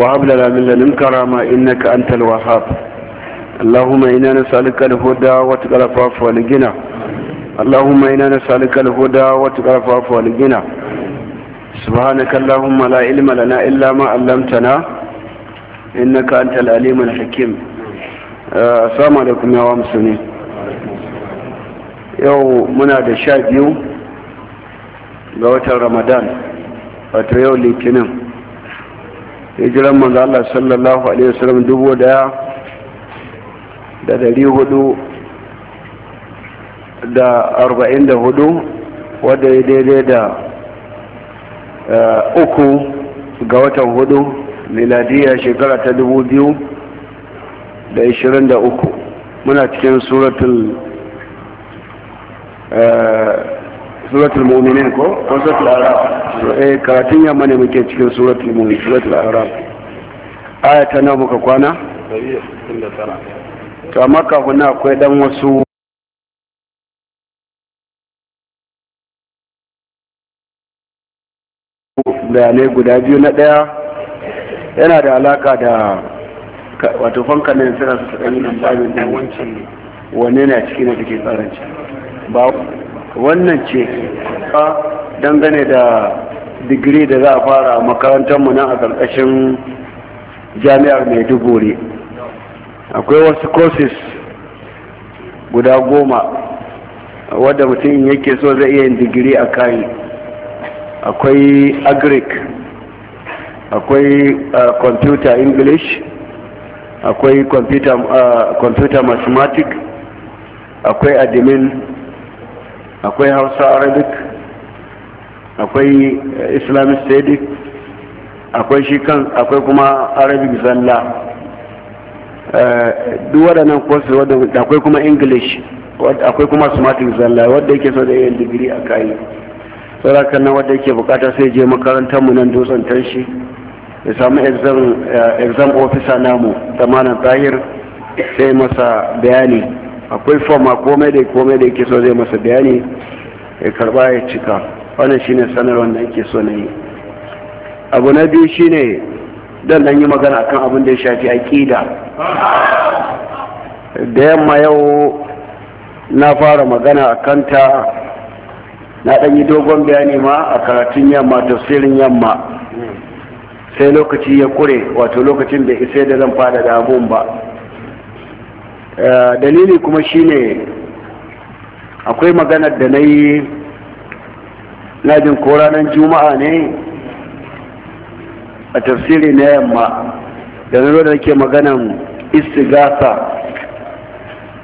وهب لنا من لدنك رحمة إنك أنت الوهاب اللهم إنا نسألك الهدى وتقى العفاف والغنى اللهم إنا نسألك الهدى وتقى العفاف والغنى سبحانك اللهم لا علم لنا إلا ما علمتنا إنك أنت العليم الحكيم السلام عليكم يا مسلمين yau muna da sha biyu ga watan ramadan wato yau litinin hijiran manzo Allah sallallahu alaihi wasallam dubu daya da dari hudu da arba'in da hudu wadda ya daidai da eh, uku ga watan hudu miladiyya shekara ta dubu biyu da ishirin da uku muna cikin suratul eh, suratul mu'minin ko ko suratul araf eh karatun yamma ne muke cikin suratul mu'minin suratul araf aya ta nawa muka kwana 69 to amma kafin na akwai dan wasu bayanai guda biyu na ɗaya yana da alaka da wato fanka ne suna su ɗan yi wancan ne a ciki na take tsaranci ba wannan ce a dangane da digiri da za a fara a makarantarmu nan a ƙarƙashin jami'ar maiduguri akwai wasu courses guda goma wadda mutum yake so zai iya yin digiri a kayi akwai agric akwai computer english akwai computer mathematics akwai admin akwai hausa arabic akwai eh, islamic studies akwai shi kan akwai kuma arabic zalla eh, duk waɗannan courses wadda akwai kuma english akwai kuma smartic zalla wadda yake so da yin digiri a kayi sauraka nan wadda yake bukata sai je makarantar mu nan dutsen tanshi ya samu exam eh, officer namu tamanan tahir sai masa bayani akwai fama komai da komai da yake so zai masa bayani ya karba ya cika wannan shine sanarwar da yake so na yi abu na biyu shine don nan yi magana akan abin da ya shafi aqida da yamma yau na fara magana a kanta na ɗan yi dogon bayani ma a karatun yamma tafsirin yamma sai lokaci ya kure wato lokacin da isa da zan fada da abun ba Eh, dalili kuma shine akwai maganar da na yi najin ko ranar juma'a ne a tafsiri na yamma da nuna da ke maganan istigasa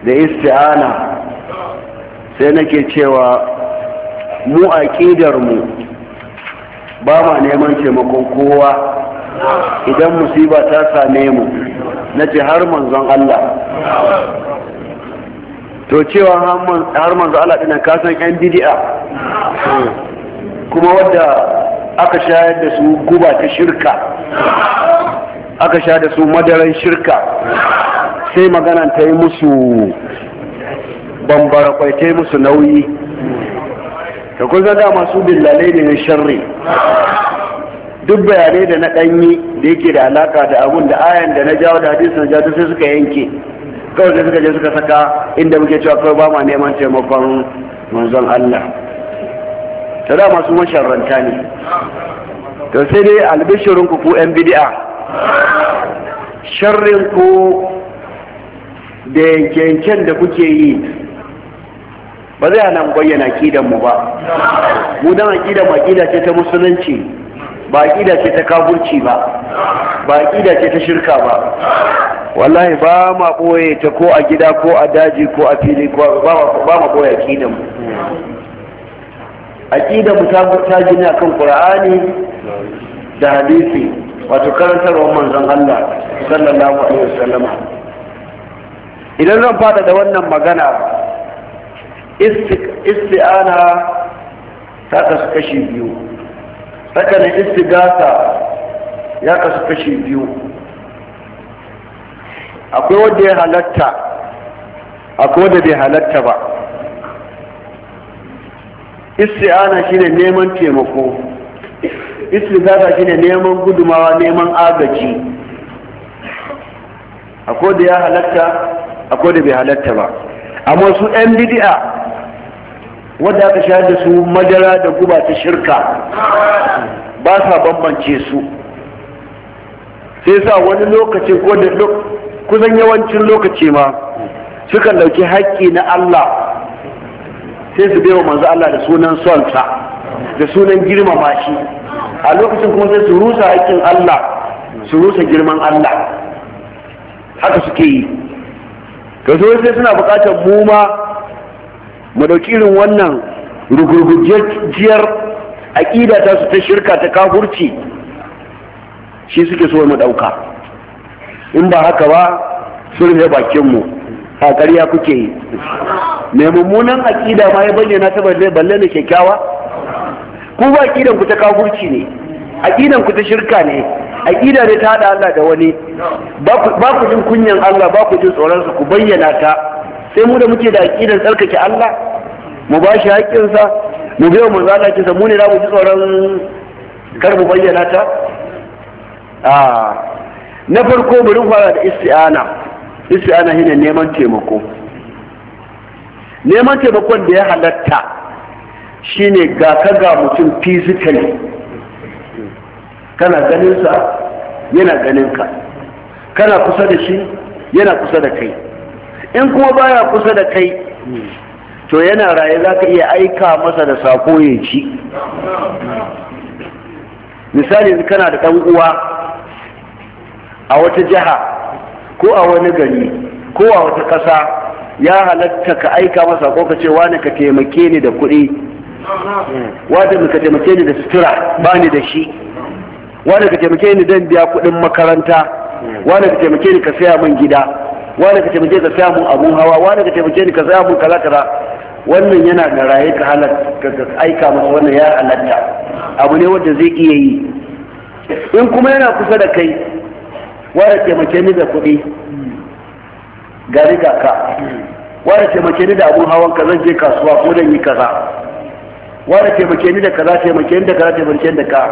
da isti'ana sai nake cewa mu a mu ba ma neman taimakon kowa idan musiba ta same mu na ce har manzon Allah to cewa har manzon Allah dinan ka san yan bid'a kuma wadda aka shayar da su guba ta shirka aka sha da su madaran shirka sai magana ta yi musu bambara kwai ta yi musu nauyi da kun zaga masu billalai ne na sharri duk bayanai da na ɗanyi da yake da alaka da abun da ayan da na jawo da hadisin na jawo sai suka yanke kawai sai suka je suka saka inda muke cewa kawai ba ma neman taimakon manzon Allah ta da masu masharranta ne to sai dai albishirin ku ku yan bid'a sharrin ku da yanken da kuke yi ba zai hana mu bayyana akidan mu ba mu dan akidan mu akida ce ta musulunci ba aƙida ce ta kaburci ba ba aƙida ce ta shirka ba wallahi ba ma ɓoye ta ko a gida ko a daji ko a fili ko ba ma ɓoye aƙidan mu aƙidan mu ta gini a kan ƙura'ani da hadisi wato karantar wa manzon Allah sallallahu alaihi sallama. idan zan fada da wannan magana isti'ana ta kasu kashi biyu hakanan istigasa ya kasu kashi biyu akwai wanda ya halatta akwai wanda bai halatta ba isti'ana shine neman taimako istigasa shine neman gudumawa neman agaji akwai da ya halatta akwai da bai halatta ba amma su 'yan bidi'a wanda aka shayar da su madara da guba ta shirka ba sa bambance su sai sa wani lokacin ko da kusan yawancin lokaci ma sukan dauki haƙƙi na Allah sai su baiwa manzo Allah da sunan sonsa da sunan girmama shi a lokacin kuma sai su rusa haƙƙin Allah su rusa girman Allah haka suke yi ka sai suna buƙatar muma. mu irin wannan rugurgujiyar aƙida ta su ta shirka ta kafurci shi suke so mu ɗauka. in ba haka ba sun rufe bakinmu a ƙarya kuke yi mai mummunan aƙida ma ya bayyana ta zai balle da kyakkyawa ku ba aƙidan ku ta kafurci ne aƙidan ku ta shirka ne aƙida ne ta haɗa Allah da wani ba ku jin kunyan Allah ba ku jin tsoron su ku bayyana ta sai mu da muke da aƙidar tsarkake Allah mu ba shi haƙƙinsa mu biya mu zala kisa mu ne za mu ji tsoron kar mu bayyana ta na farko bari fara da isti'ana isti'ana shine neman taimako neman taimakon da ya halatta shine ga ka ga mutum physically kana ganinsa yana ganin ka. kana kusa da shi yana kusa da kai in kuma baya kusa da kai to yana raye za ka iya aika masa da sako ya ci misali kana da ɗan uwa a wata jiha ko a wani gari ko a wata ƙasa ya halatta ka aika masa ko ka ce wani ka taimake ni da kuɗi wani ka taimake ni da sutura ba ni da shi wani ka taimake ni don biya kuɗin makaranta wani ka taimake ni ka saya min gida wani ka taimake ka samu abun hawa wani ka taimake ni ka samu kaza kaza wannan yana da raye ka halatta ka aika masa wannan ya halatta abu ne wanda zai iya yi in kuma yana kusa da kai wani taimake ni da kuɗi gari ga ka wani taimake ni da abun hawan ka zan je kasuwa ko dan yi kaza wani taimake ni da kaza taimake ni da kaza taimake ni da ka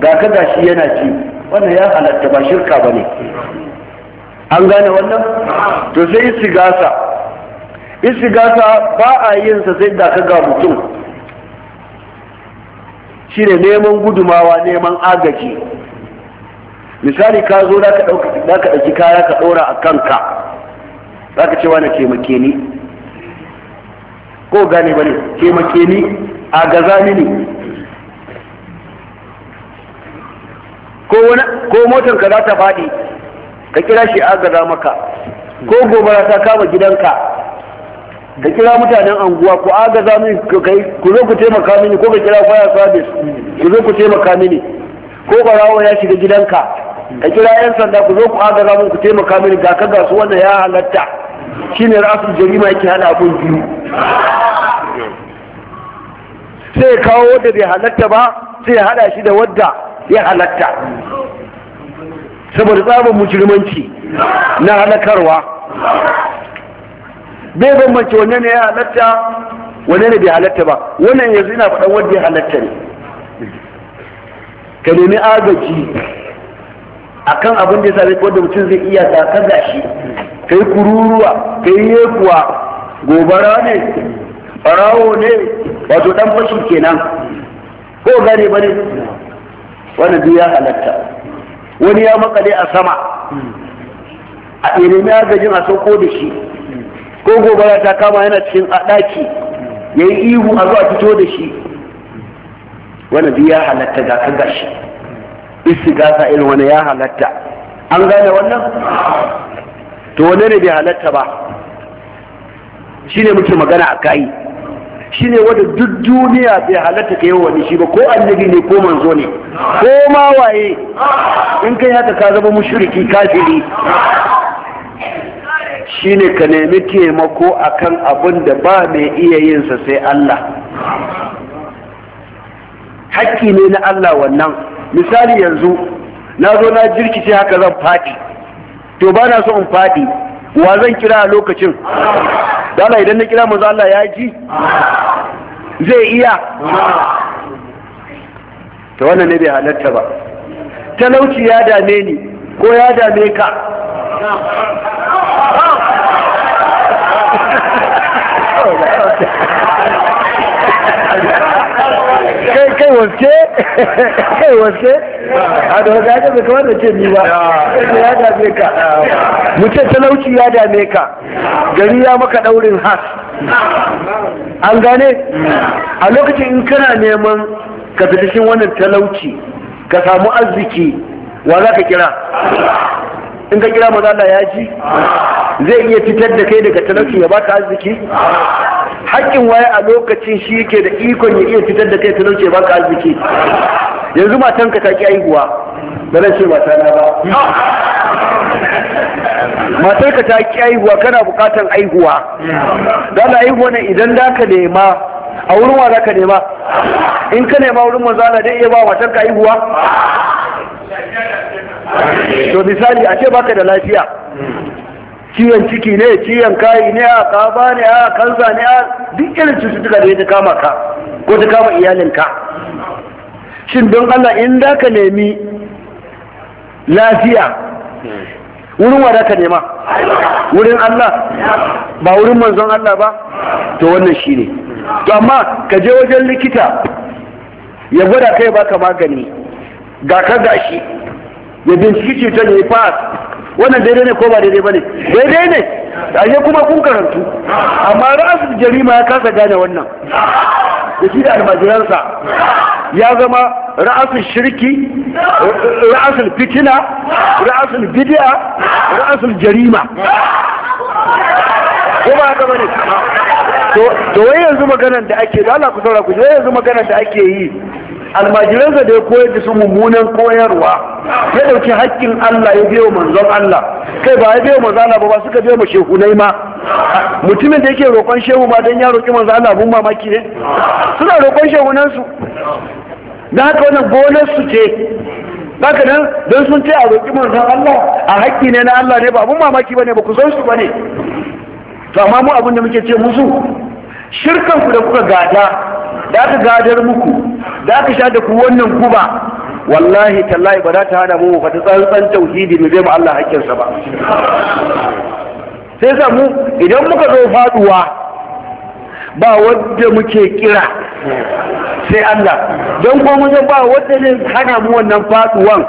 ga ka gashi yana ci wannan ya halatta ba shirka ba ne an gane wannan to sai istigasa istigasa ba a yin sa sai da ga mutum shine neman gudumawa neman agaji misali ka zo da ka ɗauki kaya ka ɗora a kanka za ka cewa na taimake ni ko gane ba ne taimake ni a gaza ni ne ko motar ka za ta faɗi ka kira shi agaza maka ko gobara ta kama gidanka ka kira mutanen anguwa ku agaza mini ku zo ku taimaka mini ko ka kira fire service ku zo ku taimaka mini ko barawo ya shiga gidanka ka kira yan sanda ku zo ku agaza mini ku taimaka mini ga ka gasu wannan ya halatta shine ra'asul jarima yake hada abun biyu sai kawo wadda bai halatta ba sai hada shi da wadda ya halatta saboda tsabar mujirmanci na halakarwa bai bambance wanne ne ya halatta wanne ne bai halatta ba wannan yanzu ina faɗan wanda ya halatta ne ka nemi agaji a kan abin da ya sami wanda mutum zai iya sa, da shi ka yi kururuwa ka yi yekuwa gobara ne farawo ne wato dan fashi kenan ko gane ba ne wannan duk ya halatta wani ya makale a sama a irin agajin a sauko da shi ko gobara ta kama yana cikin a ɗaki ya yi ihu a zuwa fito da shi wani biyu ya halatta ga ka gashi istigasa irin wani ya halatta an gane wannan to wani ne bai halatta ba shi ne muke magana a kayi ne wanda duk duniya bai halatta ka yi wani shi ba ko annabi ne ko manzo ne ko ma waye in kai haka ka zama mushriki kafiri ne ka nemi taimako kan abin da ba mai iya yinsa, sai Allah hakki ne na Allah wannan misali yanzu na zo na jirkice haka zan fadi to ba na so in fadi wa zan kira a lokacin dala idan na kira manzo Allah ya ji zai iya ta wannan ne bai halatta ba talauci ya dame ni ko ya dame ka kai kai waske kai waske a da wata haka zaka wanda ce ni ba ya dame ka mu ce talauci ya dame ka gari ya maka daurin has an gane a lokacin in kana neman ka fita cikin wannan talauci ka samu arziki wa za ka kira in ka kira manzo Allah ya ji zai iya fitar da kai daga talauci ya baka arziki haƙƙin waye a lokacin shi yake da ikon ya iya fitar da kai talauci ya baka arziki yanzu matanka ta ki aihuwa ba zan ce mata na ba matarka ta ki aihuwa kana buƙatar aihuwa dala aihuwa ne idan da ka nema a wurin wa za ka nema in ka nema wurin manzo Allah dai iya ba ka aihuwa to misali a ce baka da lafiya ciwon ciki ne ciwon kayi ne a kaba ne a kansa ne a duk irin cututtuka da ya ta kama ka ko ta kama iyalinka shin don Allah in da ka nemi lafiya wurin wa ka nema wurin Allah ba wurin manzon Allah ba to wannan shi ne to amma ka je wajen likita ya gwada kai baka magani ga ka gashi ya binciki cutar ya yi fas wannan daidai ne ko ba daidai ba ne daidai ne ashe kuma kun karantu amma ra'asul jarima ya kasa gane wannan da shi da almajiransa ya zama ra'asul shirki ra'asul fitina ra'asul bid'a ra'asul jarima ko ba haka bane to wai yanzu maganar da ake da Allah ku saura ku yanzu maganar da ake yi almajiransa da ya koyar da su mummunan koyarwa ya dauki haƙƙin Allah ya biyo manzon Allah kai ba ya biyo manzon Allah ba suka biyo ma shehu nai ma mutumin da yake roƙon shehu ma dan ya roƙi manzon Allah abun mamaki ne suna roƙon shehu nan su dan haka wannan gonar su ce haka nan don sun ce a roƙi manzon Allah a haƙƙi ne na Allah ne ba abun mamaki bane ba ku san su bane to amma mu abin da muke ce musu shirkan ku da kuka gada da ka gadar muku da ka sha da ku wannan kuba wallahi tallahi ba za ta hana mu fata tsantsan tauhidi mu bai mu Allah hakkinsa ba sai sa mu idan muka zo faduwa ba wanda muke kira sai Allah don ko mun ba wanda ne hana mu wannan faduwan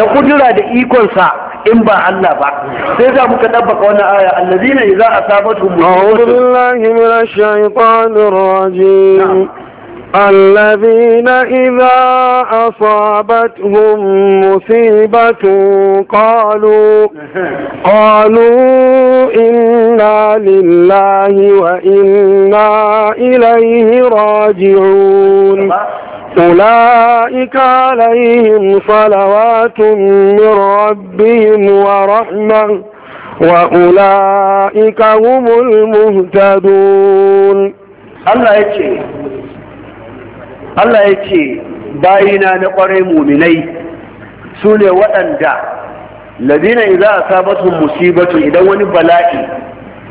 da kudura da ikon sa, in ba Allah ba sai za mu ka dabbaka wannan aya allazina idza asabatuhum a'udhu billahi minash shaitanir rajim الذين إذا أصابتهم مصيبة قالوا قالوا إنا لله وإنا إليه راجعون أولئك عليهم صلوات من ربهم ورحمة وأولئك هم المهتدون الله يكفي Allah ya ce bayina na kwarai muminai su ne waɗanda ladina sa asabatu musibatu idan wani bala'i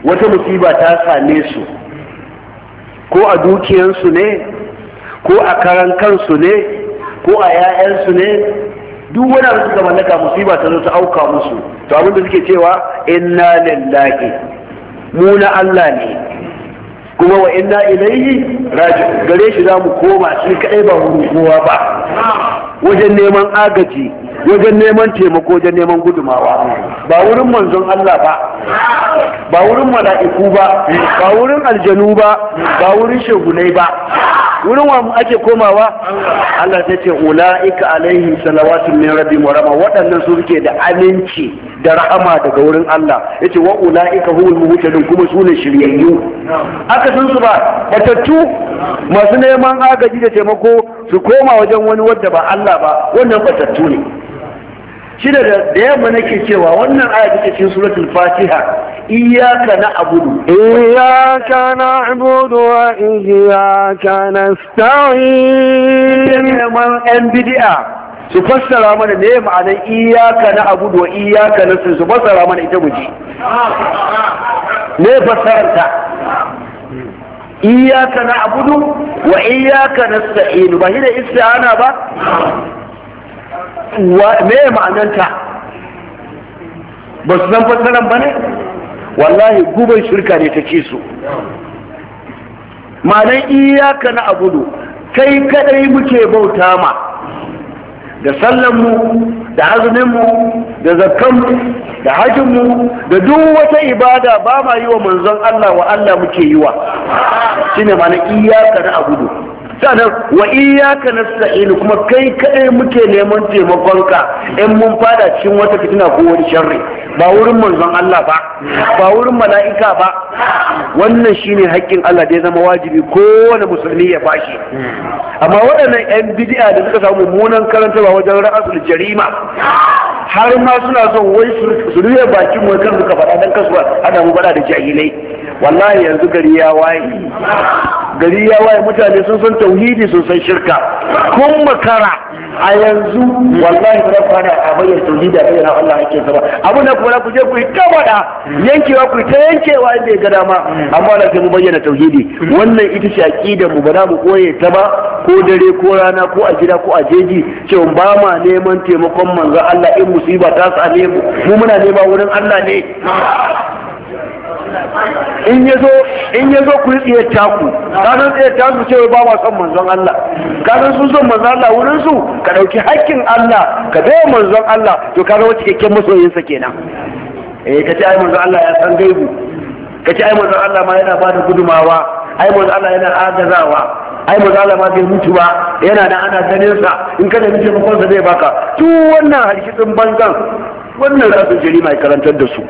wata musiba ta same su ko a dukiyansu ne ko a karan kansu ne ko a 'ya'yansu ne duk wani abu suka mallaka musiba ta zo ta auka musu to abinda suke cewa inna lillahi mu na Allah ne kuma wa inna ilaihi raji gare shi za mu koma shi kadai ba mu kowa ba wajen neman agaji wajen neman taimako wajen neman gudumawa ba wurin manzon Allah ba ba wurin mala'iku ba ba wurin aljanu ba ba wurin shegunai ba wurin wa ake komawa Allah ta ce ula'ika alaihi salawatun min rabbi wa rahma waɗannan su suke da aminci da rahama daga wurin Allah yace wa ula'ika huwal muhtadin kuma su ne shiryayyu aka san su ba batattu masu neman agaji da taimako su koma wajen wani wanda ba Allah ba wannan batattu ne shi da da yamma nake cewa wannan aya take cikin suratul fatiha iyyaka na'budu iyyaka na'budu wa iyyaka nasta'in neman yan bid'a su fassara mana ne ma'anar iyyaka na'budu wa iyyaka nasta'in su fassara mana ita muji Ne fassararta iyyaka na'budu wa iyyaka nasta'in ba shi da isti'ana ba me ma'ananta ba su san fassaran ba ne wallahi guban shirka ne ta ce su ma'anan iyaka na abudu kai kadai muke bauta ma da sallanmu da azuminmu da zakkanmu da hajjinmu da duk wata ibada ba ma yi wa manzon Allah wa Allah muke yi wa shine ma'anan iyaka na abudu sannan wa iyyaka nasta'in kuma kai kadai muke neman taimakonka in mun fada cikin wata fitina ko wani sharri ba wurin manzon Allah ba ba wurin mala'ika ba wannan shine haƙƙin Allah da ya zama wajibi kowane musulmi ya bashi amma waɗannan 'yan bid'a da suka samu mummunan karantarwa wajen ra'asul jarima har ma suna son wai su rufe bakin mu kan suka faɗa dan kasuwa ana mu faɗa da jahilai wallahi yanzu gari ya waye gari ya waye mutane sun san tauhidi sun san shirka kun makara a yanzu wallahi ba ku hana a bayyana tauhidi a bayyana Allah ake zama abin da kuma ku je ku yi ta faɗa yankewa ku ta yankewa inda ya ga dama amma da mu bayyana tauhidi wannan ita ce aqida mu ba za mu koye ta ba ko dare ko rana ko a gida ko a jeji cewa ba ma neman taimakon manzo Allah in musiba ta same mu mu muna nema wurin Allah ne in ya zo in ya zo ku yi tsiyar taku kasan tsiyar taku ce ba ma son manzon Allah kasan sun son manzon Allah wurin su ka dauki hakkin Allah ka bai manzon Allah to ka zama cikakken masoyinsa kenan eh ka ce ai manzon Allah ya san gaibu ka ce ai manzon Allah ma yana bada gudumawa ai manzon Allah yana agazawa ai manzon Allah ma bai mutu ba yana da ana ganin sa in ka nemi taimakon sa zai baka tu wannan harkitsin banzan wannan rasu jarima mai karantar da su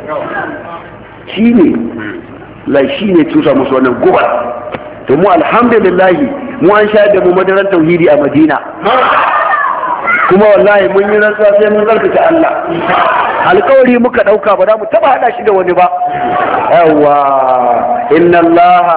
shine la shi ne tusa musu wannan gubar to mu alhamdulillah mu an sha da mu madaran tauhidi a madina kuma wallahi mun yi rantsuwa sai mun zarkace Allah alkawari muka dauka ba za mu taba hada shi da wani ba yawa inna Allah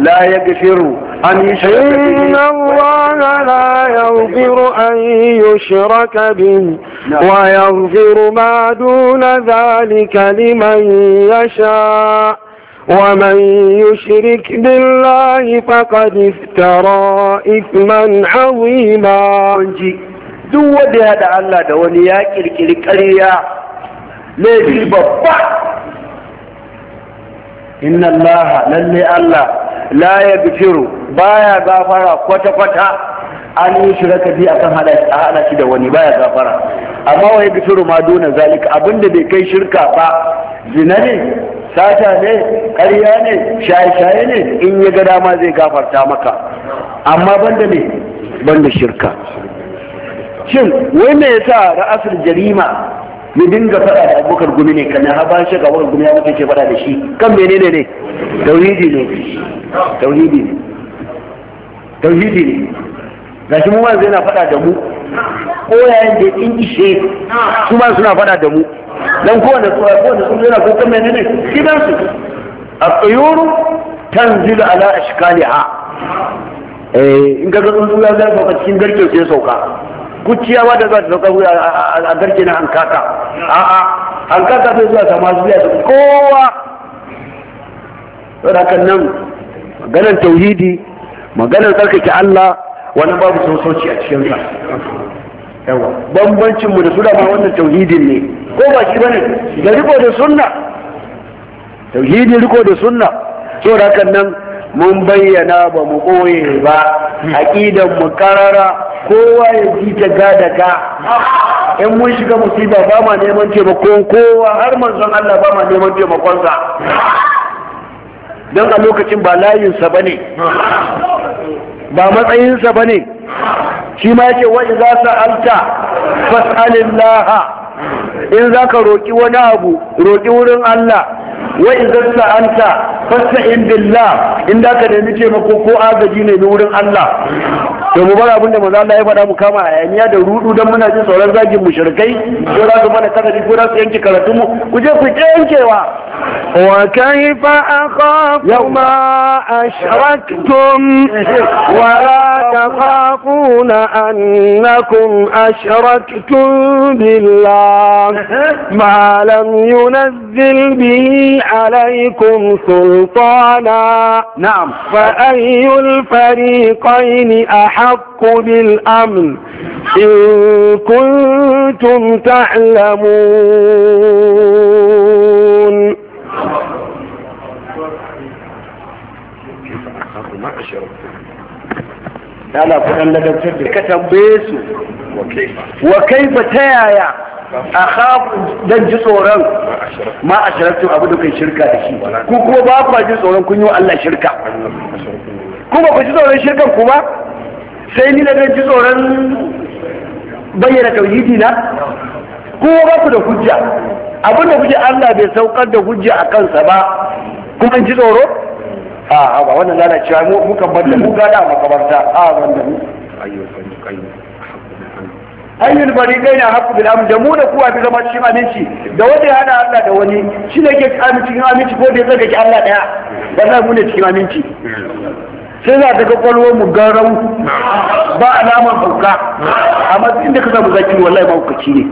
la yaghfiru an yushraka bihi inna Allah la yaghfiru an yushraka bihi wa yaghfiru ma duna dhalika liman yasha' ومن يشرك بالله فقد افترى إثما عظيما duk wanda ya da Allah da wani ya kirkiri ƙarya laifi babba inna Allah lalle Allah la ya bifiru baya gafara kwata-kwata an yi shiraka bi akan hada da wani baya gafara amma wa ya bifiru ma dona zalika abinda bai kai shirka ba zina ne sata ne ƙarya ne shaye-shaye ne in ya ga dama zai gafarta maka amma banda ne banda shirka shin wai me yasa ra'asul jarima ya dinga faɗa da abokar gumi ne kan ha bayan ga abokar gumi ya mutu ke faɗa da shi kan menene ne tauhidi ne tauhidi ne tauhidi ne gashi mu ma zai na faɗa da mu ko yayin da in ishe su ma suna faɗa da mu dan kowane tsura kowane tsura yana kukan menene gidansu tsayoro tan zila ala ashkaliha ha eh, in ka ga tsuntsu ya zai sauka cikin garke sai sauka kuciyawa da za ta sauka a garke na hankaka a'a hankaka bai zuwa sama zuwa kowa saboda kan nan maganar tauhidi maganar tsarkake Allah wani babu sosoci a cikinsa yawa bambancin mu da su da ma wannan tauhidin ne ko ba shi bane da riko da sunna tauhidi riko da sunna hakan nan mun bayyana ba mu koye ba aqidan mu karara kowa ya ji ta gada ka in mun shiga musiba ba ma neman taimakon kowa har manzon Allah ba ma neman taimakonsa don a lokacin ba layinsa ba ne ba matsayinsa ba ne shi ma yake wani za su alta fas'alin laha in za ka roƙi wani abu roƙi wurin Allah wa idan sa'anta fasta'in billah in da ka nemi taimako ko agaji ne na wurin Allah to mu bar abin da manzo Allah ya faɗa mu kama a ayaniya da rudu dan muna jin tsoron zagin mushrikai ko za su mana kasari ko za su yanke karatu mu ku je ku yankewa wa kaifa akhafu ma ashraktum wa la takhafuna annakum ashraktum billah ma lam yunzil bihi عليكم سلطانا نعم فأي الفريقين أحق بالأمن إن كنتم تعلمون لا لا كنت كتب بيسو وكيف وكيف تايا a khafu don ji tsoron ma a sharattu abu da kai shirka da shi ku kuma ba ku ji tsoron kun yi wa Allah shirka kuma ku ji tsoron shirkan ku ba sai ni da dan ji tsoron bayyana tauhidi na kuma ba ku da hujja abin da kuke Allah bai saukar da hujja a kansa ba kuma ji tsoro a ba wannan lalacewa mu kan bar da mu gada makabarta a ban da mu ayyukan ayyul fariqai na haqqu bil amn da mu da kuwa bi zama cikin aminci da wanda ya hada Allah da wani shi ne ke cikin aminci ko da zaka ki Allah daya za mu ne cikin aminci sai za ta ga kwalwar mu garau ba alamar hauka amma inda ka samu zaki wallahi ci ne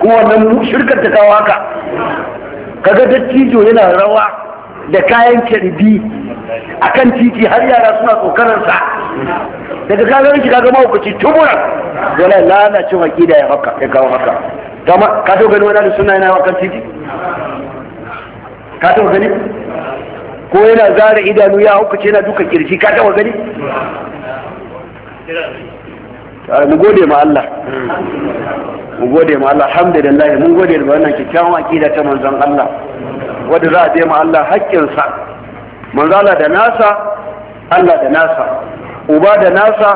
kuma wannan shirkar ta kawo haka kaga dattijo yana rawa da kayan kirbi akan titi har yara suna tsokaransa. daga kagarin shi kaga mahaukaci tumuran wala lalacin aƙida ya haka ya kawo haka kama ka taɓa gani wani suna yana akan titi ka taɓa gani ko yana zara idanu ya hukace yana duka kirji ka taɓa gani ah, mu gode ma Allah mu gode ma Allah alhamdulillah mun gode da wannan kikkiawan akida ta manzon Allah wanda za a je ma Allah haƙƙinsa manzala da nasa Allah da nasa uba da nasa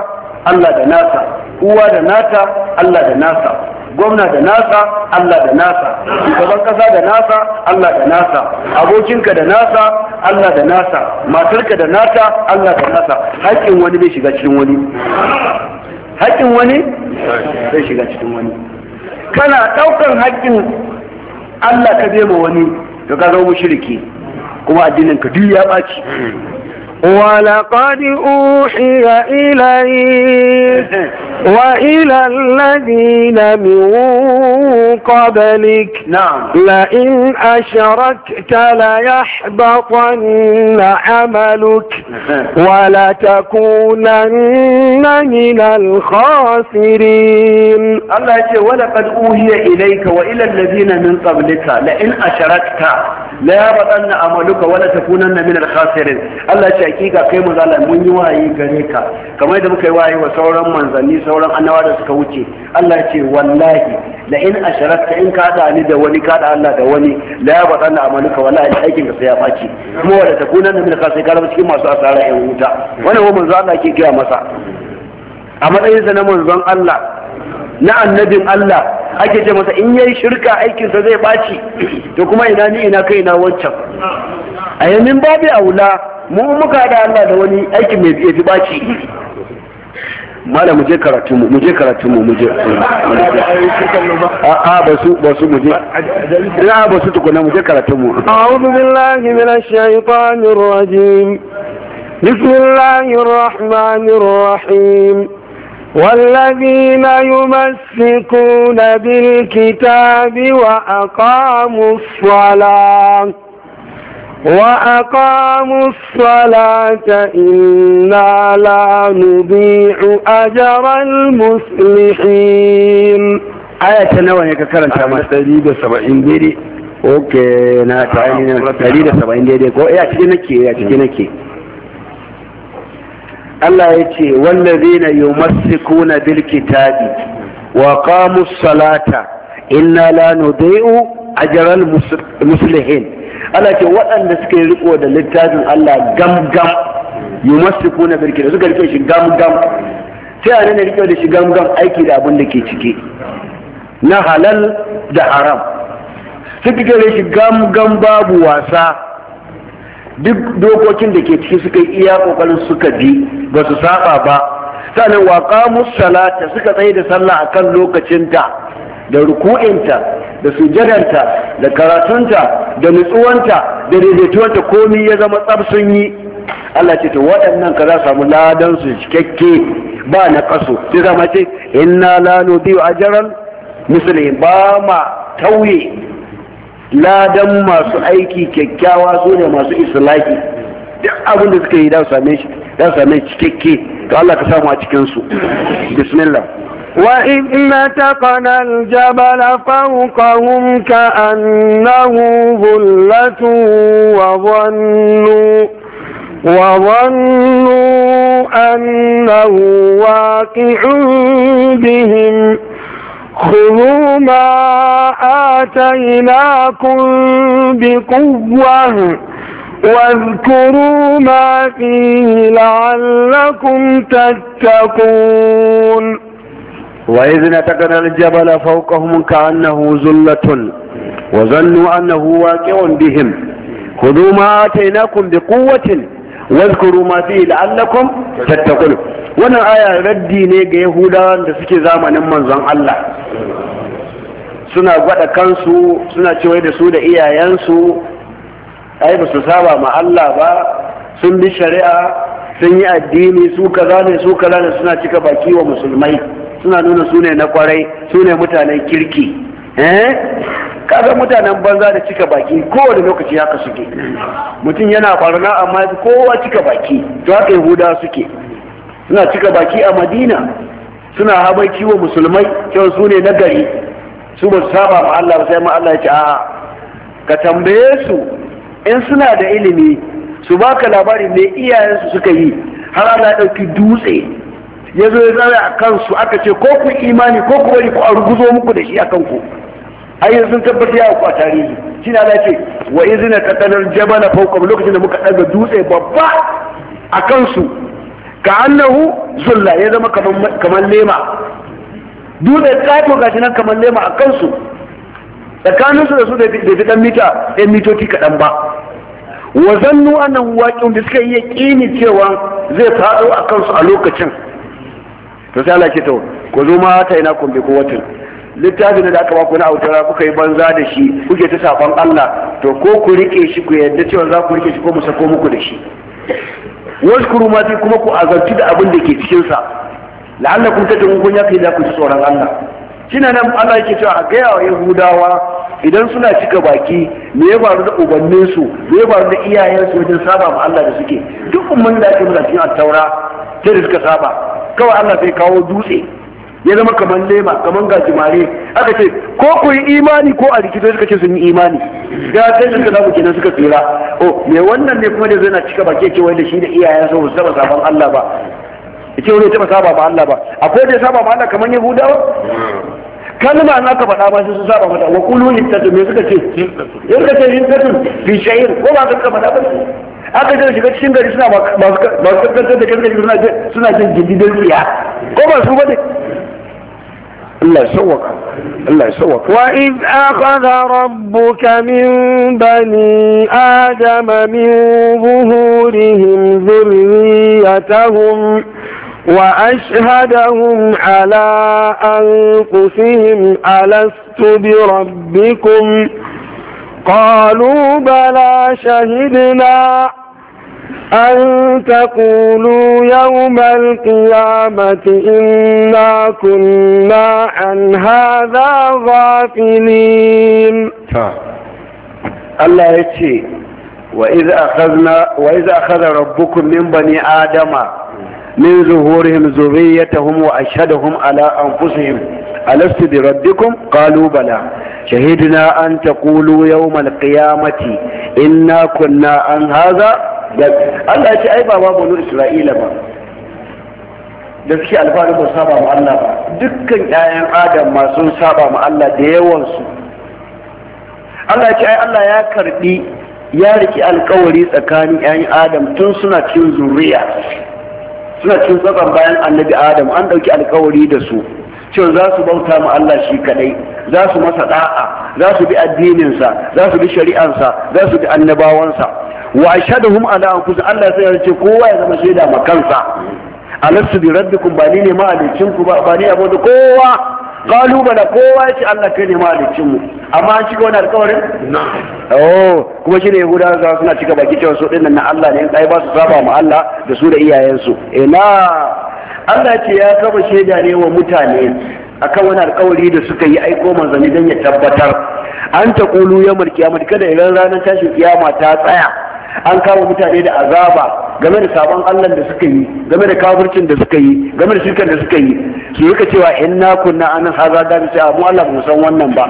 Allah da nasa uwa da nata Allah da nasa gwamna da nasa Allah da nasa shugaban kasa da nasa Allah da nasa abokinka da nasa Allah da nasa matarka da nata Allah da nasa haƙƙin wani bai shiga cikin wani haƙƙin wani bai shiga cikin wani kana ɗaukan haƙƙin Allah ka bai ma wani to ka zama mushriki kuma addinin ka duk ya ɓaci ولقد أوحي إليك وإلى الذين من قبلك نعم لئن أشركت ليحبطن عملك ولتكونن من الخاسرين الله يقول ولقد أوحي إليك وإلى الذين من قبلك لئن أشركت لا يبطن عملك ولتكونن من الخاسرين الله hakika kai mu Allah mun yi wayi gare ka kamar da muka yi wayi wa sauran manzanni sauran annawa da suka wuce Allah ce wallahi la in asharaka in ka da ni da wani ka da Allah da wani la ya na amaluka wallahi aikin ka sai ya faci kuma wala takuna min ka sai ka cikin masu asara yan wuta wannan wa manzo Allah ke gaya masa a matsayinsa na manzon Allah na annabin Allah ake ce masa in yayi shirka sa zai ɓaci to kuma ina ni ina kai na wancan a yamin babu aula mu muka da Allah da wani aiki mai fi baci mu je karatu mu mu je karatu mu mu je a ba su ba su mu je a ba su tukuna mu je karatun mu a'udhu billahi minash shaitanir rajim بسم الله الرحمن والذين يمسكون بالكتاب وأقاموا الصلاة وأقاموا الصلاة إنا لا نضيع أجر المصلحين آية نوى هيك كرن تاما سديد سبعين ديري أوكي نا تعالي سديد سبعين ديري كو يا تجي نكي يا تجي نكي الله يتي والذين يمسكون بالكتاب وقاموا الصلاة إنا لا نضيع أجر المصلحين ana ce waɗanda suka yi riko da littafin Allah gam gam yumassikuna birki da suka rike shi gam gam sai a rike da shi gam aiki da abin da ke ciki na halal da haram suka rike shi gam babu wasa duk dokokin da ke ciki suka yi iya kokarin suka bi ba su saba ba sannan wa qamus salata suka tsaye da sallah akan lokacinta da ruku'inta da sujadanta da karatunta da nutsuwanta da daidaituwanta komai ya zama tsab sun yi Allah ce to waɗannan ka za samu ladan su cikakke ba na kaso sai zama ce inna la nudiyu ajran muslimin ba ma tauye ladan masu aiki kyakkyawa su ne masu islahi duk abin da suka yi da same shi da same cikakke to Allah ka samu a cikin su bismillah وإذ نتقنا الجبل فوقهم كأنه ظلة وظنوا وظنوا أنه واقع بهم خذوا ما آتيناكم بقوة واذكروا ما فيه لعلكم تتقون وإذ نتقنا الجبل فوقهم كأنه زلة وظنوا أنه واقع بهم خذوا ما آتيناكم بقوة واذكروا ما فيه لعلكم تتقون wannan aya raddi ne ga yahudawan da suke zamanin manzon Allah suna gwada kansu suna cewa da su da iyayensu ai ba su saba ma Allah ba sun bi shari'a sun yi addini su kaza ne su kaza ne suna cika baki wa musulmai suna nuna su na kwarai su ne mutanen kirki eh kaga mutanen banza da cika baki kowane lokaci haka suke mutum yana kwarana amma kowa cika baki to haka yahuda suke suna cika baki a madina suna habaiki wa musulmai kyau su ne na gari su ba su saba ma Allah sai ma Allah ya ce a'a ka tambaye su in suna da ilimi su baka labari me iyayensu suka yi har Allah ya ɗauki dutse ya zo ya zara a kansu aka ce ko ku imani ko ku bari ku a ruguzo muku da shi a kanku ai yanzu sun tabbata ya ku a tarihi shi na ce wa izina katanar jabala fawqa lokacin da muka daga dutse babba a kansu ka annahu zulla ya zama kamar lema dutse tsato gashi nan kamar lema a kansu tsakaninsu da su da fitan mita ɗan mitoci kaɗan ba wa zannu annahu waqi'un da suka yi yaƙini cewa zai faɗo a kansu a lokacin to sai Allah ke to ku zo ma ta ina kun bi kuwatin littafin da aka ba ku na autara kuka yi banza da shi kuke ta saban Allah to ko ku rike shi ku yadda cewa za ku rike shi ko mu sako muku da shi wasu ma kuma ku azarci da abin da ke cikin sa la'allakum tatqun kun kai da ku tsoron Allah kina nan Allah yake cewa a gaya Yahudawa idan suna cika baki me ya faru da su me ya faru da iyayensu wajen saba ma Allah da suke duk mun da ake muna cikin attaura ta da suka saba kawai Allah sai kawo dutse ya zama kamar lema kamar gajimare aka ce ko ku yi imani ko a rikito suka ce sun yi imani ya sai da suka kenan suka tsira oh me wannan ne kuma da zai na cika baki ce wai da shi da iyayen sa ba saban Allah ba yace wani taba saba ba Allah ba akwai da saba ba Allah kamar Yahudawa kalma na aka faɗa ba sai sun saba mata wa qulu hittatu me suka ce suka ce hittatu fi shay'in ko ba ka faɗa ba aka zai shiga cikin gari suna masu kaskantar da kaskantar da suna jin gindidin tsiya ko ba su bane الله يسوق الله يسوق وإذ أخذ ربك من بني آدم من ظهورهم ذريتهم وأشهدهم على أنفسهم ألست بربكم قالوا بلى شهدنا أن تقولوا يوم القيامة إنا كنا عن هذا غافلين الله يتشي وإذ أخذنا وإذ أخذ ربكم من بني آدم من ظهورهم ذريتهم وأشهدهم على أنفسهم alastu bi rabbikum qalu bala shahidna an taqulu yawm alqiyamati inna kunna an hadha Allah ya ce ai ba babu Isra'ila ba da suke alfahari ba saba ma Allah ba dukkan ƴaƴan Adam ma sun saba ma Allah da yawansu Allah ya ce ai Allah ya karbi ya riki alkawari tsakanin ‘yan adam tun suna cin zuriya suna cin tsakan bayan annabi adam an ɗauki alkawari da su cewa za su bauta ma Allah shi kadai za su masa da'a za su bi addininsa za su bi shari'ansa za su bi annabawansa wa ashhaduhum ala anfusihim Allah sai ya ce kowa ya zama shaida ma kansa alastu bi rabbikum ba ni ne ma ku ba ni abu da kowa qalu bala kowa ya ce Allah kai ne ma mu amma an shiga wani alƙawarin oh kuma shine yahuda za suna cika baki cewa su dinnan na Allah ne in ba su saba ma Allah da su da iyayensu ina Allah ce ya kafa shaida ne wa mutane akan wani alkawari da suka yi aiko manzanni don ya tabbatar an ta kulu ya mulki ya mulki da idan ranar tashin kiyama ta tsaya an kama mutane da azaba game da sabon Allah da suka yi game da kafircin da suka yi game da shirkar da suka yi su yi cewa inna kunna anan haza da bi sai mu Allah mu san wannan ba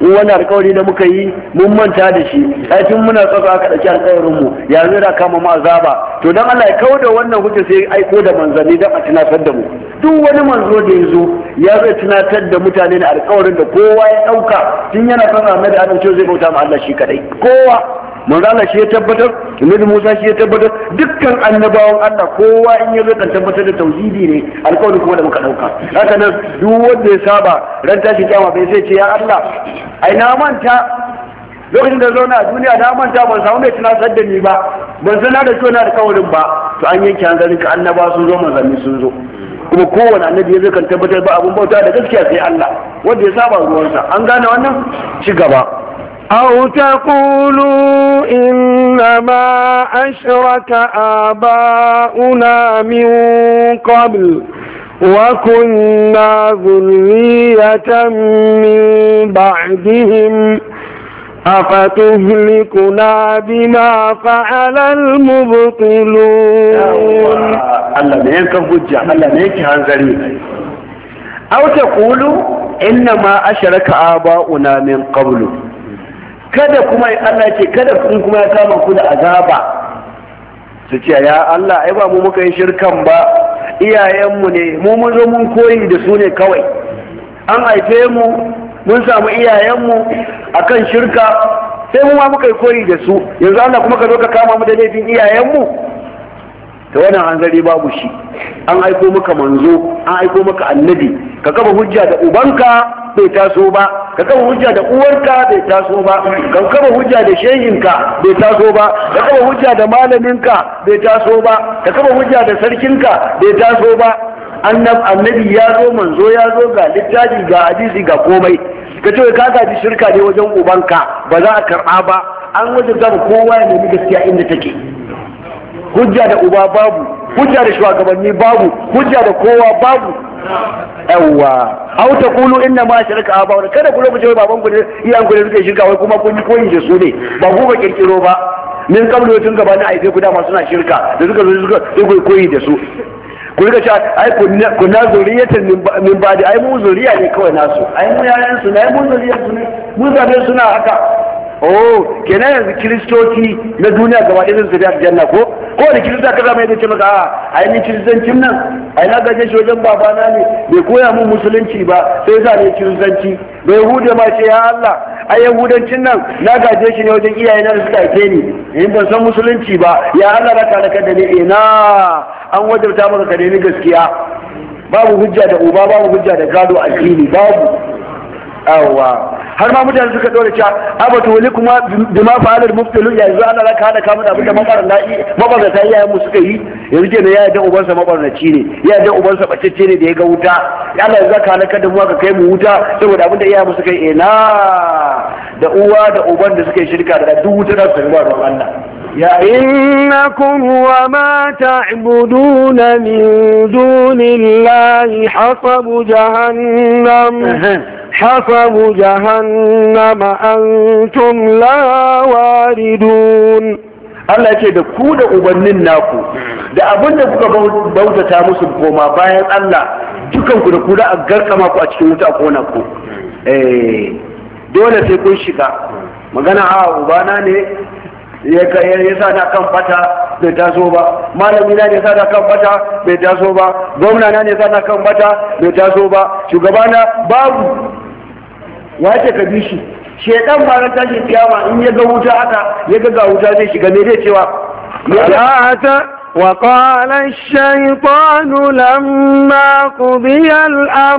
wani alkawari da muka yi mun manta da shi ai tun muna tsaka aka ɗauki alkawarin mu yanzu da kama mu azaba to dan Allah ya kawo da wannan hujja sai aiko da manzanni dan a tunatar da mu duk wani manzo da zo ya zai tunatar da mutane da alkawarin da kowa ya ɗauka tun yana son Ahmed Adam cewa zai bauta ma Allah shi kadai kowa manzo Allah shi ya tabbatar Annabi Musa shi ya tabbatar dukkan annabawan Allah kowa in ya zai tabbatar da tauhidi ne alƙawari kuma da muka dauka haka nan duk wanda ya saba ran tashi kiyama bai sai ce ya Allah ai na manta lokacin da zauna a duniya na manta ban samu mai tana da ni ba ban sanar da kyau na da kawarin ba to an yanke hanzarin ka annaba sun zo manzanni sun zo kuma kowane annabi ya kan tabbatar ba abun bauta da gaskiya sai Allah wanda ya saba ruwansa an gane wannan ci gaba أو تقولوا إنما أشرك آباؤنا من قبل وكنا ذرية من بعدهم أفتهلكنا بما فعل المبطلون الله ما ينكف وجه الله ما هنزري أو تقول إنما أشرك آباؤنا من قبل kada kuma Allah ce kada kun kuma ya kama ku da azaba su ce ya Allah ai ba mu muka yi shirkan ba iyayenmu ne mu mun zo mun koyi da su ne kawai an haife mu mun samu iyayenmu a kan shirka sai mu ma muka yi koyi da su yanzu ana kuma ka zo ka kama mu da laifin iyayenmu da an gari babu shi an aiko maka manzo an aiko maka annabi ka kafa hujja da ubanka bai taso ba ka kafa hujja da uwarka bai taso ba ka kafa hujja da shehinka bai taso ba ka kafa hujja da malaminka bai taso ba ka kafa hujja da sarkinka bai taso ba annabi ya zo manzo ya zo ga littafi ga hadisi ga komai ka ce ka gaji shirka ne wajen ubanka ba za a karɓa ba an wajen zama kowa ya nemi gaskiya inda take hujja da uba babu hujja da shugabanni babu hujja da kowa babu yawwa au ta kulu inna ma shirka abauna kada ku rubuce baban ku ne iyan ku ne suke shirka wai kuma kun yi koyi da su ne ba ku ba kirkiro ba min kablu tun gaba na aife ku dama suna shirka da suka zo suka yi koyi da su ku rika cewa ai na zuriyatan min ba'di ai mu zuriya ne kawai nasu ai mu yayan su ne ai mu zuriyar su ne mu zabe suna haka oh kenan yanzu kiristoci na duniya gaba ɗaya zai zuriya janna ko ko da kirista kaza mai zai ce maka ah, a ai ni kiristancin nan ai na gaje shi wajen babana ne bai koya mun musulunci ba sai sa ne kiristanci bai hude ma ce ya Allah ai yahudancin nan na gaje shi ne wajen iyaye na suka haife ni in ban san musulunci ba ya Allah na ka da ni ina an wajabta maka ka ni gaskiya babu hujja da uba babu hujja da gado addini babu awwa har ma mutane suka dole cewa abatu li kuma bima fa'alal ya yanzu Allah zaka hada ka mun abinda mabarna mabarnata iyayen mu suka yi yanzu kenan ya yarda ubansa mabarnaci ne ya yadda ubansa bacecce ne da ya ga wuta Allah yanzu ka halaka kada mu ka kai mu wuta saboda abinda iyayen mu suka yi ina da uwa da uban da suka yi shirka da duk wuta da su ba don Allah ya innakum wa ma ta'buduna min dunillahi hasabu jahannam حسب جهنم أنتم لا واردون Allah ce da ku da ubannin naku da abin da kuka bautata musu goma bayan Allah dukanku da ku da a garkama ku a cikin wuta a kona ku dole sai kun shiga magana a ubana ne ya sa na kan fata bai taso ba malami na ne sa na kan fata bai taso ba gwamna na ne sa na kan fata bai taso ba shugabana babu wace ka bi shi shedan ma ran tashin kiyama in ya ga wuta haka ya ga wuta zai shiga me zai cewa وقال الشيطان لما قضي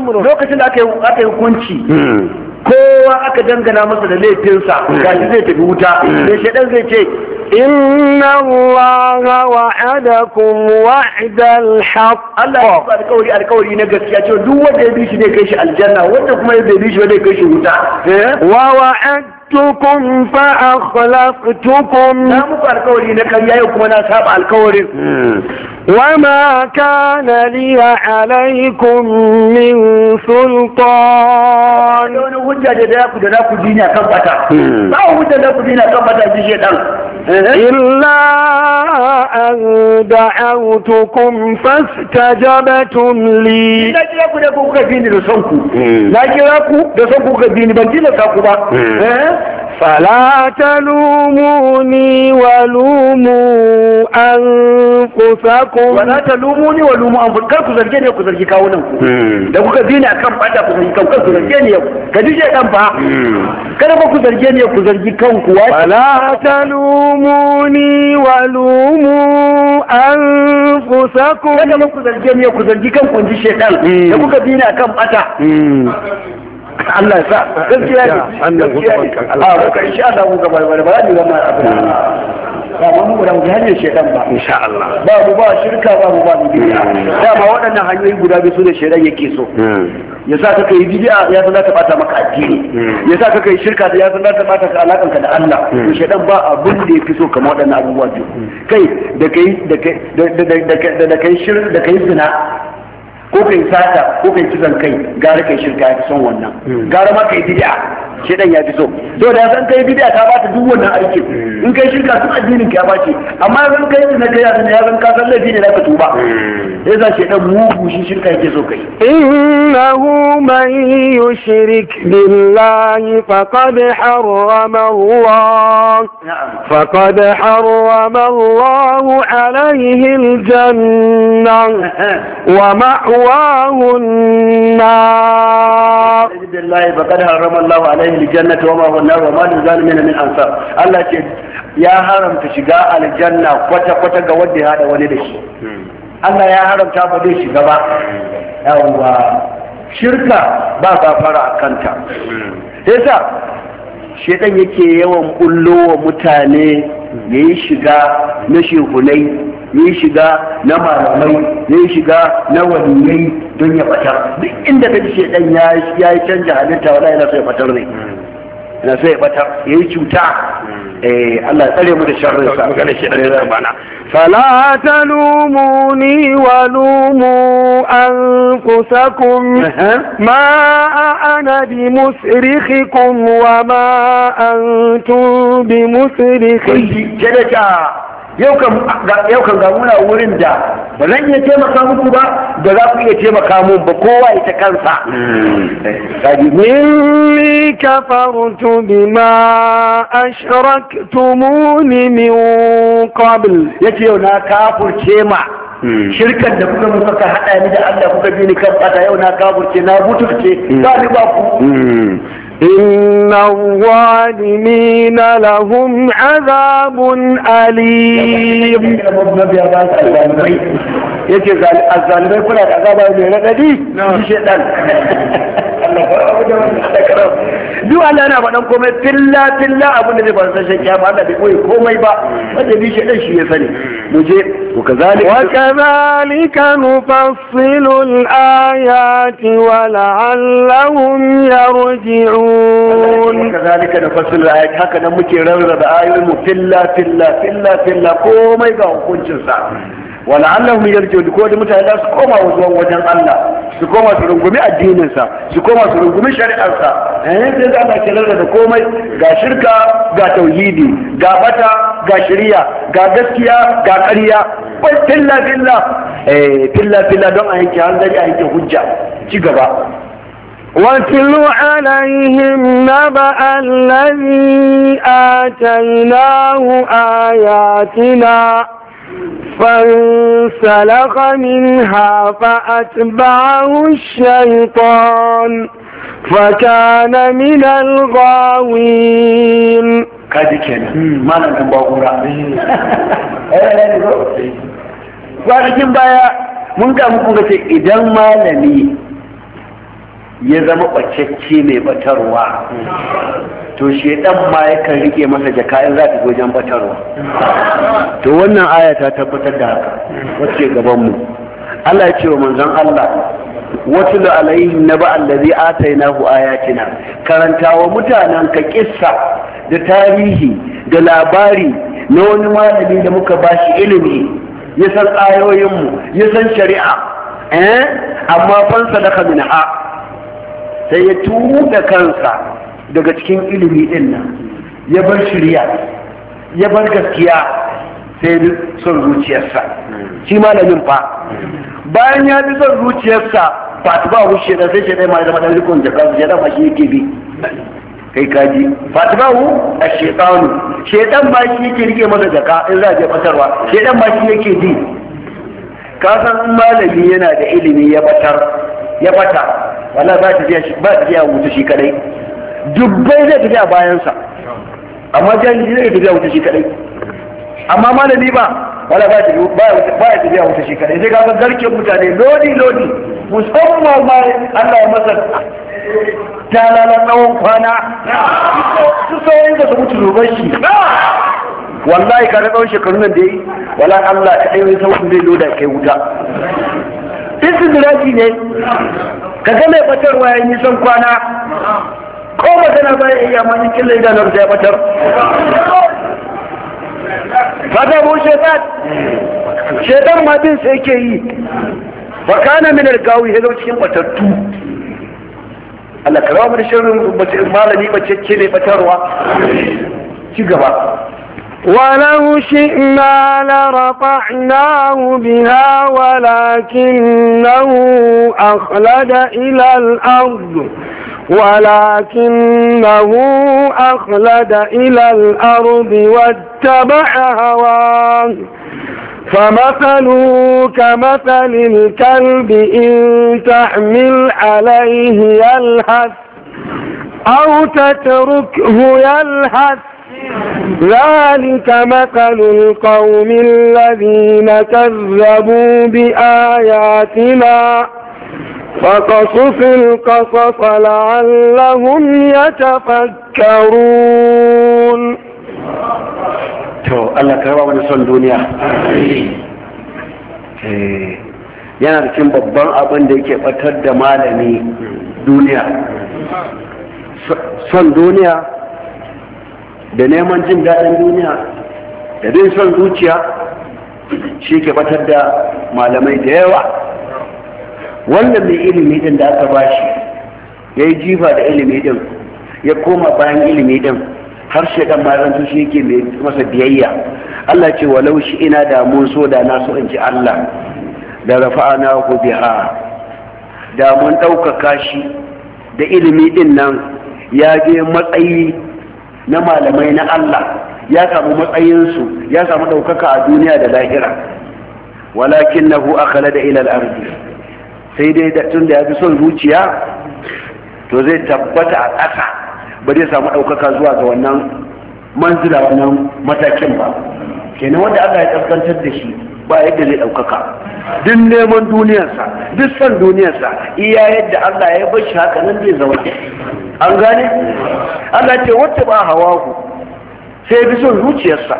lokacin da aka yi kunci. Hmm. kowa aka dangana masa da laifinsa gashi zai tafi wuta da hmm. shaɗan zai ce إن الله وعدكم وعد الحق الله يبقى الكوري الكوري نقص يا جو دو وده يبيش ده كيش الجنة وده كما يبيش وده كيش وده ووعد جئتكم فأخلفتكم وما كان لي عليكم من سلطان Eh? إلا أن دعوتكم ta لي ina kira ku da kuka bi da son ku na da son ku ka bi ni ban tilasta ku ba فلا تلوموني ولوموا أنفسكم ولا تلوموني ولوموا أنفسكم كركو زرجيني وكو زرجي كاوننكو da kuka dina kan fada ku zargi kanku ku zarge ni yau ka dije kan fa kada ba ku ni ku zargi kanku wa fala talumuni walumu anfusakum kada ba ku ni ku zargi kanku da kuka kan Allah sa gaskiya ne Allah ku kan Allah ka ah, insha Allah ku gaba bare ba ni wannan abin ba mu guda mu hanyar shedan ba insha Allah ba mu ba shirka ba mu ba mu biya hmm. dama waɗannan hanyoyi guda biyu su da shedan yake so hmm. ya sa ka kai bidiya ya san ta bata maka addini hmm. ya sa ka kai shirka da ya san ta bata ka alakan ka da Allah to shedan ba abin da yake so kamar waɗannan abubuwa biyu kai da kai da kai da kai da kai zina ko kai sata ko kai kisan kai gara kai shirka ya fi son wannan hmm. gara ma kai bid'a shedan ya fi so to da san kai bid'a ta bata duk wannan aikin hmm. in kai shirka tun addinin ka ya bace amma zan kai ne na kai ya zan ka san laifi ne zaka tuba hmm. yasa shedan mugu shi shirka yake so kai innahu man yushrik billahi faqad harrama Allah faqad harrama Allah alayhi aljanna wa ma'wa مأواه بالله فقد حرم الله عليه الجنة وما النار وما للظالمين من أنصار الله يا حرم الجنة هذا ولدش Allah ya haramta ba zai shiga ba yawwa shirka ba fara a kanta yasa shedan yake yawan bullo wa mutane yayi shiga na shekulai ya yi shiga na malamai ya yi shiga na waliyai don ya fatar duk inda ka ce dan ya yi canja halitta wala yana so ya fatar ne yana so ya fatar eh, ya yi cuta Allah tsare mu da sharrin sa magana shi da bana fala talumuni wa lumu anfusakum ma ana bi musrikhikum wa ma antum bi musrikhi jadaka yau kan ga muna wurin da ba zan iya taimaka muku ba ba za ku iya taimaka mun ba kowa ita kansa hmm. inni kafartu bima ashraktumuni min qabl yace yau na kafurce ma hmm. shirkan da kuka haɗa ka ni da Allah kuka bi ni kan fata yau na kafurce na butulce hmm. ba ni ba ku إن الظالمين لهم عذاب أليم يجي الظالمين كلها عذاب أليم نعم duk Allah yana faɗan komai filla filla abin da zai faru sashen kiyama da bai koyi komai ba wanda bi shi dan shi ya sani mu je wa kazalika wa kazalika nufassilu al-ayati wa la'allahum yarji'un wa kazalika nufassilu al-ayati haka nan muke rarraba ayoyin mu filla filla filla filla komai ga hukuncin sa Allah la'allahum yarji'un ko wani mutane da su koma zuwa wajen Allah su koma su rungumi addinin sa su koma su rungumi shari'ar sa eh sai za ka kira da komai ga shirka ga tauhidi ga bata ga shari'a ga gaskiya ga ƙarya bai tilla filla eh tilla filla don a yanke hanzari a yanke hujja ci gaba واتل عليهم نبأ الذي آتيناه آياتنا فانسلخ منها فأتبعه الشيطان فكان من الغاوين kaji kenan hmm, malam ɗan bakura eh, eh, eh. kwanakin baya mun ga muku ga idan malami ya zama ɓacacce mai batarwa to dan ma yakan rike masa jaka in za ta batarwa to wannan aya ta tabbatar da haka wacce gaban mu Allah ya ce wa manzon Allah wasu da alayhim na ba allazi atainahu ayatina karanta wa mutanen ka kissa da tarihi da labari na wani malami da muka bashi ilimi ya san ayoyinmu ya san shari'a eh amma fansa da A, sai ya tuda kansa daga cikin ilimi din nan ya bar shirya ya bar gaskiya sai son zuciyarsa shi malamin fa bayan ya bi son zuciyarsa ba ta ba wuce da sai shaidai ma ya zama ɗan rikon jaka su shaidai ma shi yake bi kai kaji fatimahu a shekaru shedan ba shi yake rike masa jaka in za a je batarwa shedan ba shi yake ji ka san malami yana da ilimi ya ya bata wala ba ta biya ba wuta shi kadai dubbai zai tafi a bayansa amma jahili zai tafi a wuce shi kadai amma malami ba wala ba ya tafi a wuce shi kadai zai gaba garken mutane lodi lodi musamman ma Allah ya masa talalan tsawon kwana su sauyin da su mutu rubar shi wallahi ka tsawon shekaru nan da yi wala Allah ka ɗaya sauƙin zai loda kai wuta isin ne ka ga mai fatarwa ya yi nisan kwana ko magana ba ya iya manyan killa idanun da ya batar fata bu shaitan shaitan ma sai ke yi wa kana min algawi ya cikin batattu Allah karawa mun shirin malami bace ke ne batarwa ci gaba ولو شئنا لرفعناه بها ولكنه أخلد إلى الأرض ولكنه أخلد إلى الأرض واتبع هواه فمثله كمثل الكلب إن تحمل عليه يلهث أو تتركه يلهث ذلك مثل القوم الذين كذبوا بآياتنا فقصص القصص لعلهم يتفكرون to Allah ka raba الدنيا da son duniya eh, yana da babban abin da yake batar da malami duniya son duniya da neman jin dadin duniya da bin son zuciya shi ke batar da malamai da yawa wannan mai ilimi din da aka ba shi ya yi jifa da ilimi din ya koma bayan ilimi din har shaidan ma zan shi yake masa biyayya Allah ce walau shi ina da mun so da na in ji Allah da na ku biha da mun ɗaukaka shi da ilimi din nan ya je matsayi na malamai na Allah ya samu matsayinsu ya samu ɗaukaka a duniya da lahira walakin na hu kala da ilal arziki sai dai da tun da ya fi son zuciya to zai tabbata a ƙasa ba zai samu ɗaukaka zuwa ga wannan manzila wannan matakin ba kenan wanda Allah ya tsarkantar da shi ba yadda zai ɗaukaka duk neman duniyarsa duk son duniyarsa iya yadda Allah ya bashi haka nan zai zaune an gane Allah ce wata ba hawa ku? sai bi son zuciyarsa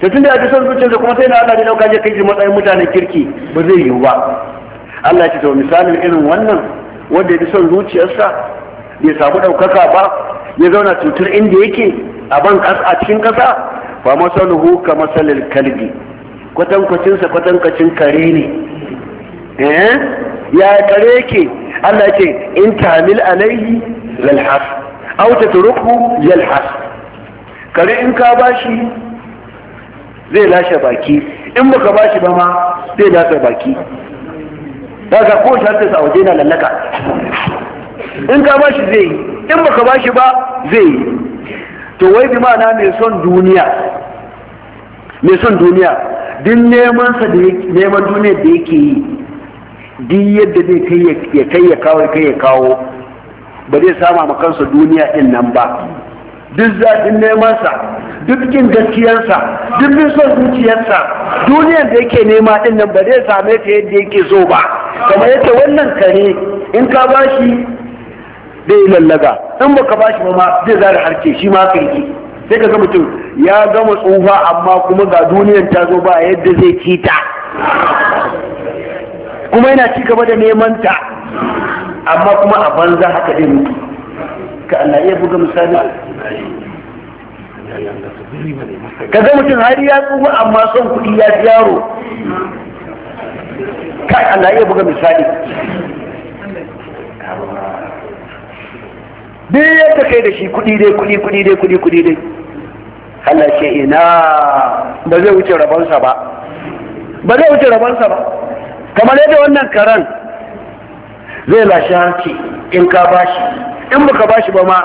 sai tun da ya fi son zuciyarsa kuma sai na Allah ya ɗauka je kai matsayin mutanen kirki ba zai yiwu ba Allah ya ce to misalin irin wannan wanda ya son zuciyarsa bai samu ɗaukaka ba ya zauna cutar inda yake a ban a cikin ƙasa fa masaluhu ka masalil kalbi kwatankwacin sa kwatankwacin kare ne eh ya kare yake Allah ya ce in tamil alaihi ta aw tatruku yalhas kare in ka bashi zai lashe baki in baka bashi ba ma zai lashe baki da ga ko shi a waje na lallaka in ka bashi zai yi in baka bashi ba zai yi to wai bi ma'ana mai son duniya mai son duniya duk neman sa da neman duniya da yake yi duk yadda zai kai ya kai ya kawo kai ya kawo ba zai sama ma kansa duniya din nan ba duk zaɗin nemansa duk jin gaskiyarsa duk bin son zuciyarsa duniyar da yake nema ɗin nan ba zai same ta yadda yake so ba kamar yake wannan kare in ka ba shi lallaga in baka ba shi ma zai da harke shi ma kirki sai ka ga mutum ya gama tsufa amma kuma ga duniyar ta zo ba yadda zai ci ta kuma yana ci gaba da neman ta amma kuma a banza haka ɗin ka Allah ya buga misali ka ga mutum har ya tsufa amma son kuɗi ya fi yaro kai Allah ya buga misali duk yadda kai da shi kuɗi dai kuɗi kuɗi dai kuɗi kuɗi dai Allah ce ina ba zai wuce rabonsa ba ba zai wuce rabonsa ba kamar yadda wannan karan zai lashe harki in ka bashi in baka bashi ba ma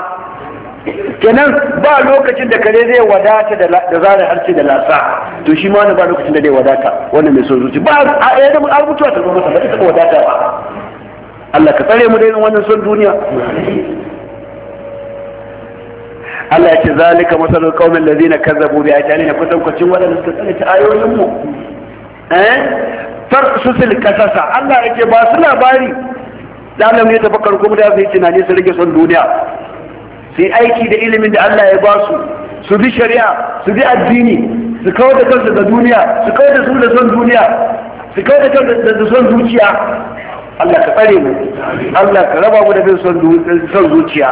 kenan ba lokacin da kare zai wadata da zara harshe da lasa to shi ma wani ba lokacin da zai wadata wannan mai son zuci ba a yadda a mutuwa ta zama masa ba ita wadata ba Allah ka tsare mu da irin wannan son duniya Allah ya ce zalika masalul qaumin ladina kazzabu bi ayatina kusan kwacin wadanda suka tsare ta ayoyin mu eh farsusul qasasa Allah yake ba su labari lalam ne tafakkar kuma da su yi tunani su rage son duniya su yi aiki da ilimin da Allah ya ba su su bi shari'a su bi addini su kawar da kansu da duniya su kawar da su da son duniya su kawar da kansu da son zuciya Allah ka tsare mu Allah ka raba mu da bin son zuciya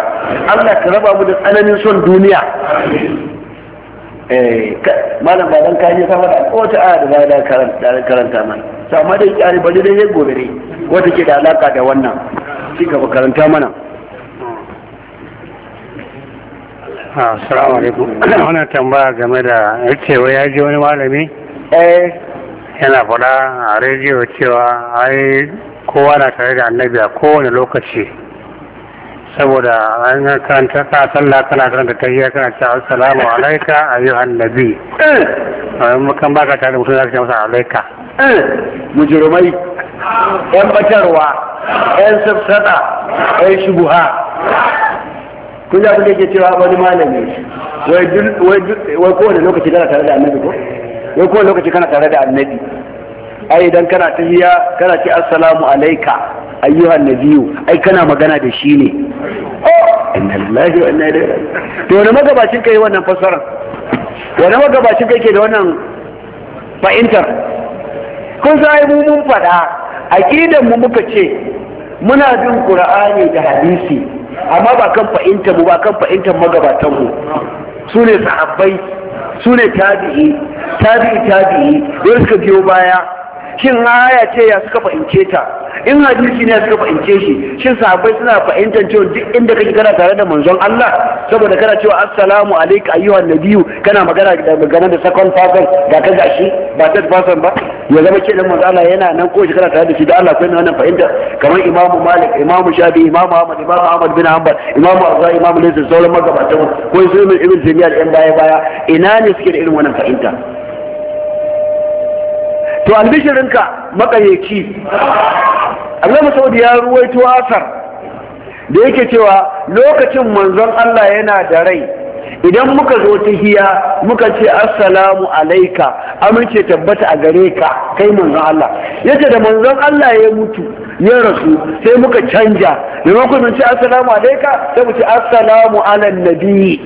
Allah ka raba mu da tsananin son duniya Eh, malam ba dan kaje ta fara wata aya da da karanta karanta mana to amma dai kare bari dai ne gobe ne wata ke da alaka da wannan shi ka karanta mana ah, Assalamu alaikum. Wannan tambaya game da cewa ya ji wani malami? Eh. Yana faɗa a rediyo cewa ai kowa na tare da annabi a kowane lokaci. saboda an karanta sa sallah kana da tahiyya kana ce assalamu alayka ayyuhan nabi eh. amma kan baka tare mutum zaka ce masa alayka. Eh. mujrimai yan batarwa yan safsada yan shubuha kun ji abin da yake cewa wani malami wai kowane lokaci kana tare da annabi ko wai kowane lokaci kana tare da annabi ai idan kana tahiyya kana ce assalamu alayka. ayyuhan nabiyu ai kana magana da shi ne inna lillahi wa inna ilaihi to wani magabacin kai wannan fassara wani magabacin kai ke da wannan fahimtar kun sai mu mun fada aqidan mu muka ce muna bin qur'ani da hadisi amma ba kan fahimtar mu ba kan fahimtar magabatan mu su ne sahabbai su ne tabi'i tabi'i tabi'i wanda suka biyo baya shin aya ce ya suka fahimce ta in hadisi ne suka fahimce shi shin sahabbai suna fahimtar cewa duk inda kake kana tare da manzon Allah saboda kana cewa assalamu alayka ayyuhan nabiyyu kana magana da magana da second person da ka gashi ba third person ba ya zama ce da manzon Allah yana nan ko shi kana tare da shi da Allah kai wannan fahimta kamar imamu malik imamu shafi imamu ahmad imamu ahmad bin hanbal imamu azza imamu laysa sauran magabatan ko sai ibn jami'a yan baya baya ina ne suke da irin wannan fahimta to albishirinka makayyaci Allah Saudi ya ruwaito asar da yake cewa lokacin manzon Allah yana da rai idan muka zo ta hiya muka ce assalamu alaika amince tabbata a gare ka kai manzon Allah yace da manzon Allah ya mutu ya rasu sai muka canja da mun ce assalamu alaika sai mu ce assalamu ala nabi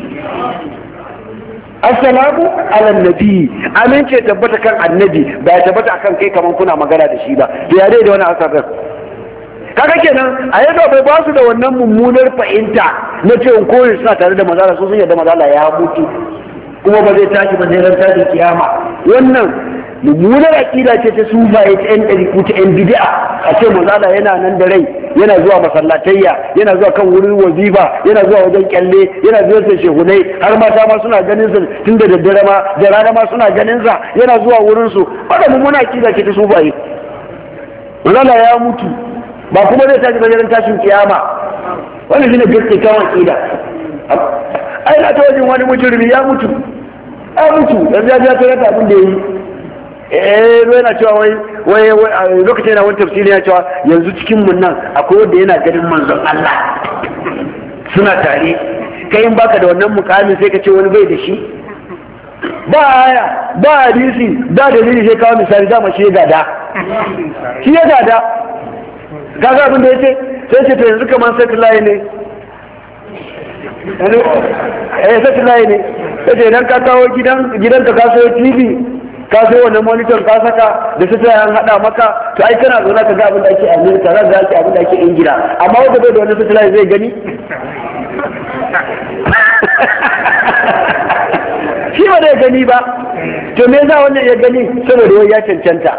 assalamu ala nabi amince tabbata kan annabi ba ya tabbata akan kai kaman kuna magana da shi ba to ya da wani asarar kaga kenan a yadda bai ba su da wannan mummunar fahimta na cewa koyi suna tare da mazala su sun yadda mazala ya mutu kuma ba zai tashi ba ne ran tashi kiyama wannan mummunar aƙida ce ta sufaye ta yan ɗariku ta yan bid'a a ce manzala yana nan da rai yana zuwa masallatayya yana zuwa kan wurin wazifa yana zuwa wajen kyalle yana zuwa shehunai har mata ma suna ganin sa tun da daddare ma da rana ma suna ganin sa yana zuwa wurin su wannan mummunar aƙida ce ta sufaye manzala ya mutu ba kuma zai tashi bayan tashin kiyama wannan shine gaskiyar aƙida ai na ta wajen wani mujirmi ya mutu ya mutu yanzu ya ta rata abin da ya yi eh yana cewa wai wai lokacin yana wani tafsiri yana cewa yanzu cikin mun nan akwai wanda yana ganin manzon Allah suna tare kai in baka da wannan mukamin sai ka ce wani bai da shi ba aya ba hadisi da dalili sai kawo misali dama shi ya gada shi ya gada Ga abin da yace sai ce to yanzu kamar sai layi ne eh sai layi ne sai idan ka kawo gidan gidan ka kaso TV ka sai wannan monitor ka saka da su an hada maka to ai kana zauna ka ga abin da ake amerika za ka ake abin da ake Ingila amma wanda bai da wannan satellite zai gani shi ba zai gani ba to me za wannan ya gani saboda ya cancanta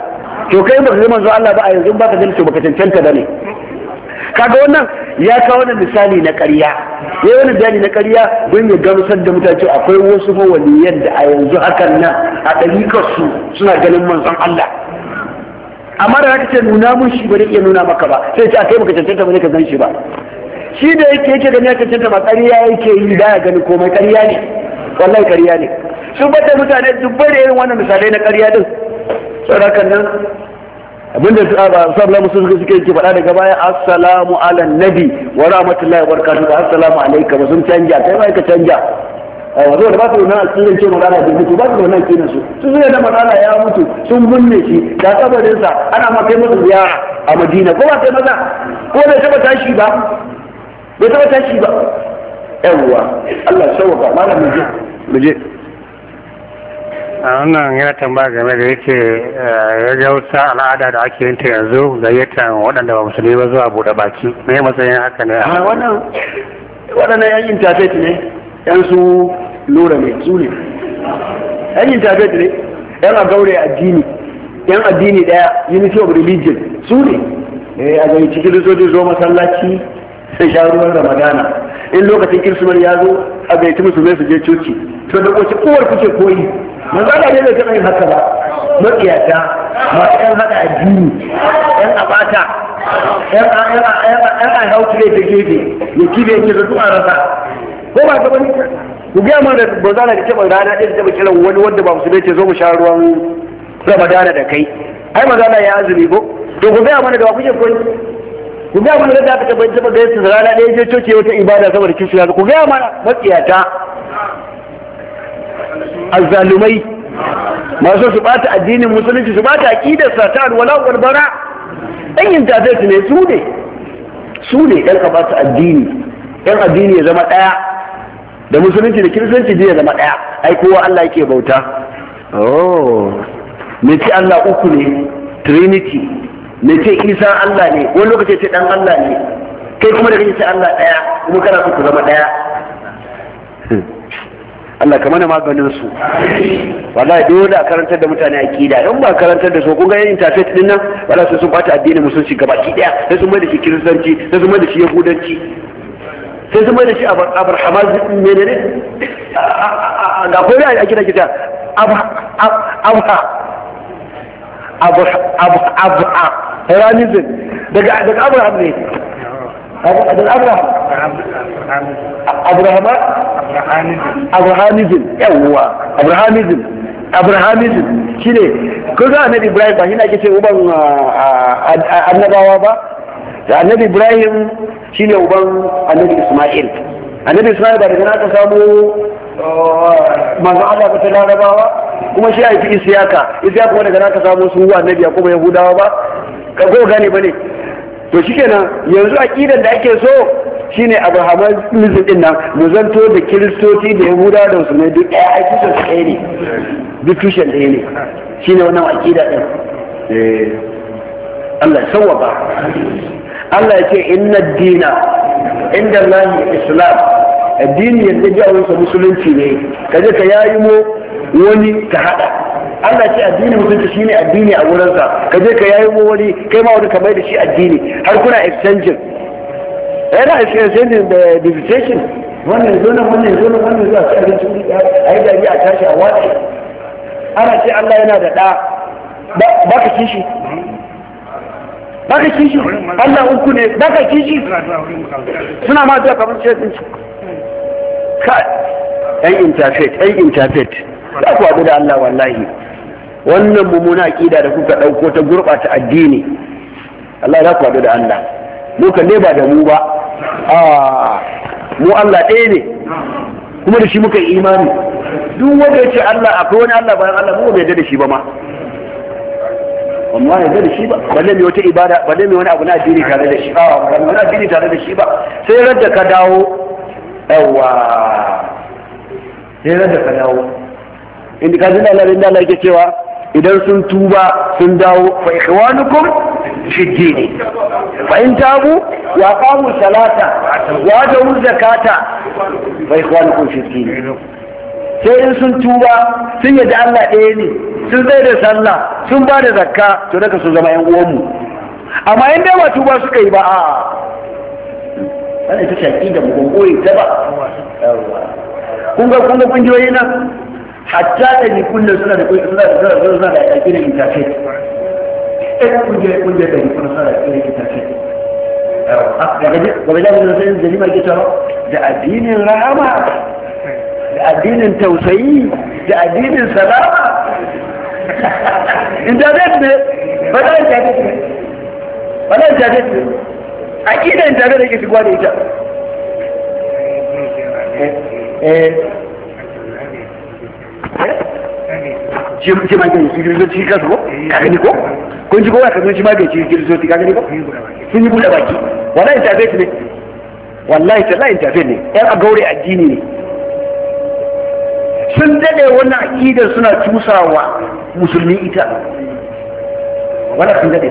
to kai baka zama manzo Allah ba a yanzu ka ganin to baka cancanta bane kaga wannan ya kawo wani misali na ƙarya ya wani misali na ƙarya don ya gamsar da mutane akwai wasu mawaliyan da a yanzu hakan nan a ɗarikarsu suna ganin manzon Allah amma da haka ce nuna mun shi ba zai iya nuna maka ba sai ce a kai maka cancanta ba zai ka gan shi ba shi da yake yake gani ya cancanta ba ƙarya yake yi da ya gani komai ƙarya ne wallahi ƙarya ne sun bada mutane dubbai da irin wannan misalai na ƙarya din saboda nan abinda sabla musu ah, suke ke faɗa daga baya assalamu ala nabi wa rahmatullahi wa barakatuhu assalamu alayka ba sun canja kai ba ka canja aiwa ah, zo da ba su nan asirin ce magana da mutu ba su nan asirin su sun zuwa da magana ya mutu sun binne shi da kabarin sa ana ma kai masa ziyara a madina ko ba kai maza ko bai taba tashi ba bai taba tashi ba yawwa Allah ba malamin je mu je wannan yana tambaya game da yake rajauta eh, al'ada da ake yinta yanzu gayyatar waɗanda ba musulmi ba zuwa buɗe baki me matsayin haka ne a wannan waɗannan yan intafet ne yan su lura mai su ne yan intafet ne yan a gaure addini yan addini ɗaya unity of religion su ne eh, a cikin kiristoci zo masallaci sai sha ruwan ramadana in lokacin kirsimar ya zo a ci musulmai su je coci to da kowace kowar kuke koyi Mun Allah ne bai taɓa yin haka ba maƙiyata masu ƴan haɗa addini ƴan abata ƴan a hautu ne ta gefe ya kibe ya kira zuwa rasa ko ba ka bani ku gaya mana da manzo Allah ne taɓa rana ɗaya taɓa kiran wani wanda ba musulmai ce zo mu sha ruwan ramadana da kai ai manzo Allah ya azumi ko to ku gaya mana da kuke koyi ku gaya mana da aka taɓa taɓa gaisa rana ɗaya je coci wata ibada saboda kiristiya ku gaya mana maƙiyata azzalumai masu su bata addinin musulunci su bata aqidar sa ta alwala wal bara dan yin tafiyar ne su ne su ne dan ka bata addini dan addini ya zama daya da musulunci da kiristanci ya zama daya ai kowa Allah yake bauta oh me ce Allah uku ne trinity me ce Isa Allah ne wani lokaci ce dan Allah ne kai kuma da kake ce Allah daya kuma kana so ku zama daya Allah ka mana maganin su wallahi dole a karantar da mutane akida in ba karantar da su kun ga yin tafet din nan wallahi sun bata addinin musulunci gabaki daya sai sun mai da shi kiristanci sai sun mai da shi yahudanci sai sun mai da shi abrahama menene ga kore a akida kita abha abha abha heranism daga daga abraham ne daga abraham abrahaman abrahamizm yawwa Abrahamism, abrahamizm shi ne ko za a nabi ibrahim ba shi na ake ce uban annabawa ba da annabi ibrahim shi ne uban annabi ismail annabi ismail ba daga na aka samu manzo Allah ba ta larabawa kuma shi haifi isiyaka isiyaka wanda daga na aka samu su annabi ya kuma yahudawa ba ka ko gane ba ne to shikenan yanzu aqidan da ake so shine abrahamizm din nan mu zanto da kiristoci da yahuda da su ne duk ɗaya ai tushen ɗaya ne duk tushen ɗaya ne shine wannan aqida ɗin eh, Allah ya ba. Allah ya ce inna dina inda Allah islam addini ya ji a musulunci ne kaje ka yayi mu wani ka haɗa. Allah ce addini shi ne addini a wurinsa ka je ka yayi wani kai ma wani ka mai da shi addini har kuna exchange yana eh, exchanging da divitation wannan zo wannan zo wannan zuwa sai abin cikin ɗaya a yi dariya a tashi a watsi ana ce Allah yana da ɗa baka kishi baka kishi Allah uku ne baka kishi suna ma zuwa kamar ce sun ci ka ɗan intafet ɗan intafet za ku haɗu da Allah wallahi wannan mummuna ƙida da kuka ɗauko ta gurɓata addini Allah za ku haɗu da Allah lokacin ne ba da mu ba mu Allah ɗaya ne kuma da shi muka yi imani duk wanda ya ce Allah akwai wani Allah bayan Allah mu bai yarda da shi ba ma amma yarda da shi ba balle mai wata ibada balle mai wani abu na addini tare da shi ba wani addini tare da shi ba sai radda ka dawo yawa sai radda ka dawo inda ka ji da Allah inda Allah yake cewa idan sun tuba sun dawo fa ikhwanukum shige fa in tabu wa qamu salata wa jawu zakata fa ikhwanukum fi sai in sun tuba sun yadda Allah ɗaya ne sun zai da sallah sun ba da zakka to daga sun zama yan uwanmu amma in dai ba tuba suka yi ba a ana ita shaki da mu koyi ta ba kun ga kun kungiyoyi nan hatta da ni kullu suna da suna suna da suna da akidar ɗaya kungiyar kungiyar da kuma sa da kira kita ce gaba da mun san da lima kita da addinin rahama da addinin tausayi da addinin salama internet ne ba da internet ne ba da internet ne akida internet yake shigowa da ita eh eh shi eh. ka ko ka ko sun tafe ne wallahi tallahi tafe ne yan agaure addini ne sun dade wannan aƙidar suna cusawa musulmi ita wannan sun dade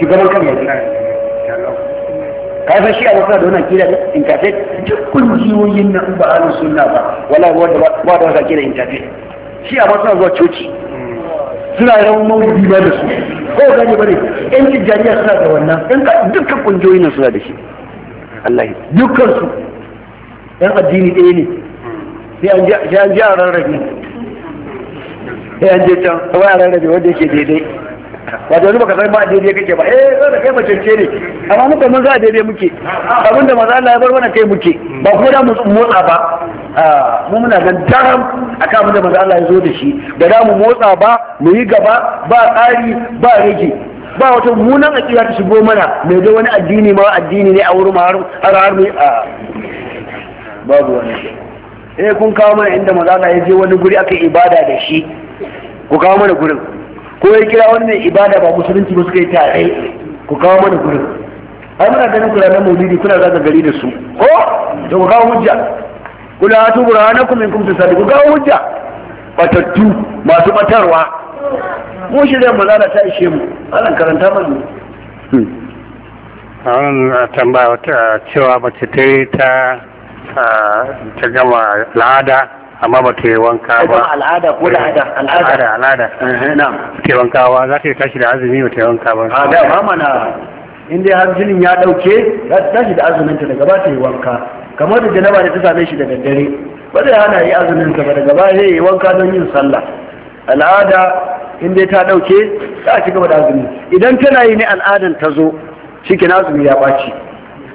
shugaban kan yanzu ka san shi a wasu da wannan aƙida ne in tafe duk kungiyoyin nan ba alu sunna ba wallahi ba da wata aƙida in shi a suna zuwa coci suna yawan maulidi ba da su ko gani bane yan tijjaniya suna da wannan yan dukkan kungiyoyin nan suna da shi Allah dukkan su yan addini ɗaya ne sai an ji a rarrabe sai an je can kawai a rarrabe wanda yake daidai ba da baka san ba daidai kake ba eh zan da kai macece ne amma muka mun za a daidai muke abinda maza Allah ya bar mana kai muke ba kuma da mu motsa ba mu muna nan daram kan abin da manzo Allah ya zo da shi da za mu motsa ba mu yi gaba ba tsari ba rage ba wata munan akida ta shigo mana mai zo wani addini ma addini ne a wurin har har mu a babu wani eh kun kawo mana inda manzo Allah ya je wani guri aka ibada da shi ku kawo mana gurin ko ya kira wani mai ibada ba musulunci ba suka yi tare ku kawo mana gurin ai muna ganin kuranan maulidi kuna zaga gari da su ko da ku kawo hujja kula hatu kuma in kuntum sadu ga hujja batattu masu batarwa mu shirya mu ta ishe mu Allah karanta mana hmm. a wannan tambaya wata cewa mace ta yi ta ta gama al'ada amma ba ta yi wanka ba al'ada ko al'ada eh, al'ada al'ada eh, na'am ta wanka ba za ta yi tashi da azumi ba ta yi wanka ba a da ba mana inda ya har jinin ya dauke za ta tashi da azumin ta daga ba ta yi wanka kamar da janaba da ta same shi da daddare ba zai hana yi azumin sa ba daga ba zai yi wanka don yin sallah al'ada in dai ta dauke za a ci gaba da azumi idan tana yi ne al'adan ta zo na azumi ya baci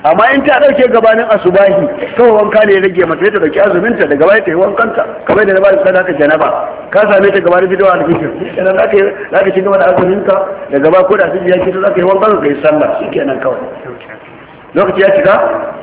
amma in ta dauke gabanin asubahi kawai wanka ne ya rage mata ta dauki azumin ta daga baya ta yi wankan ta kamar da na bada ta janaba ka same ta gabanin fitowa da kike kenan za ka za ci gaba da azumin ka daga ba ko da sun ya kito za ka yi wankan ka yi sallah shikenan kawai lokaci ya cika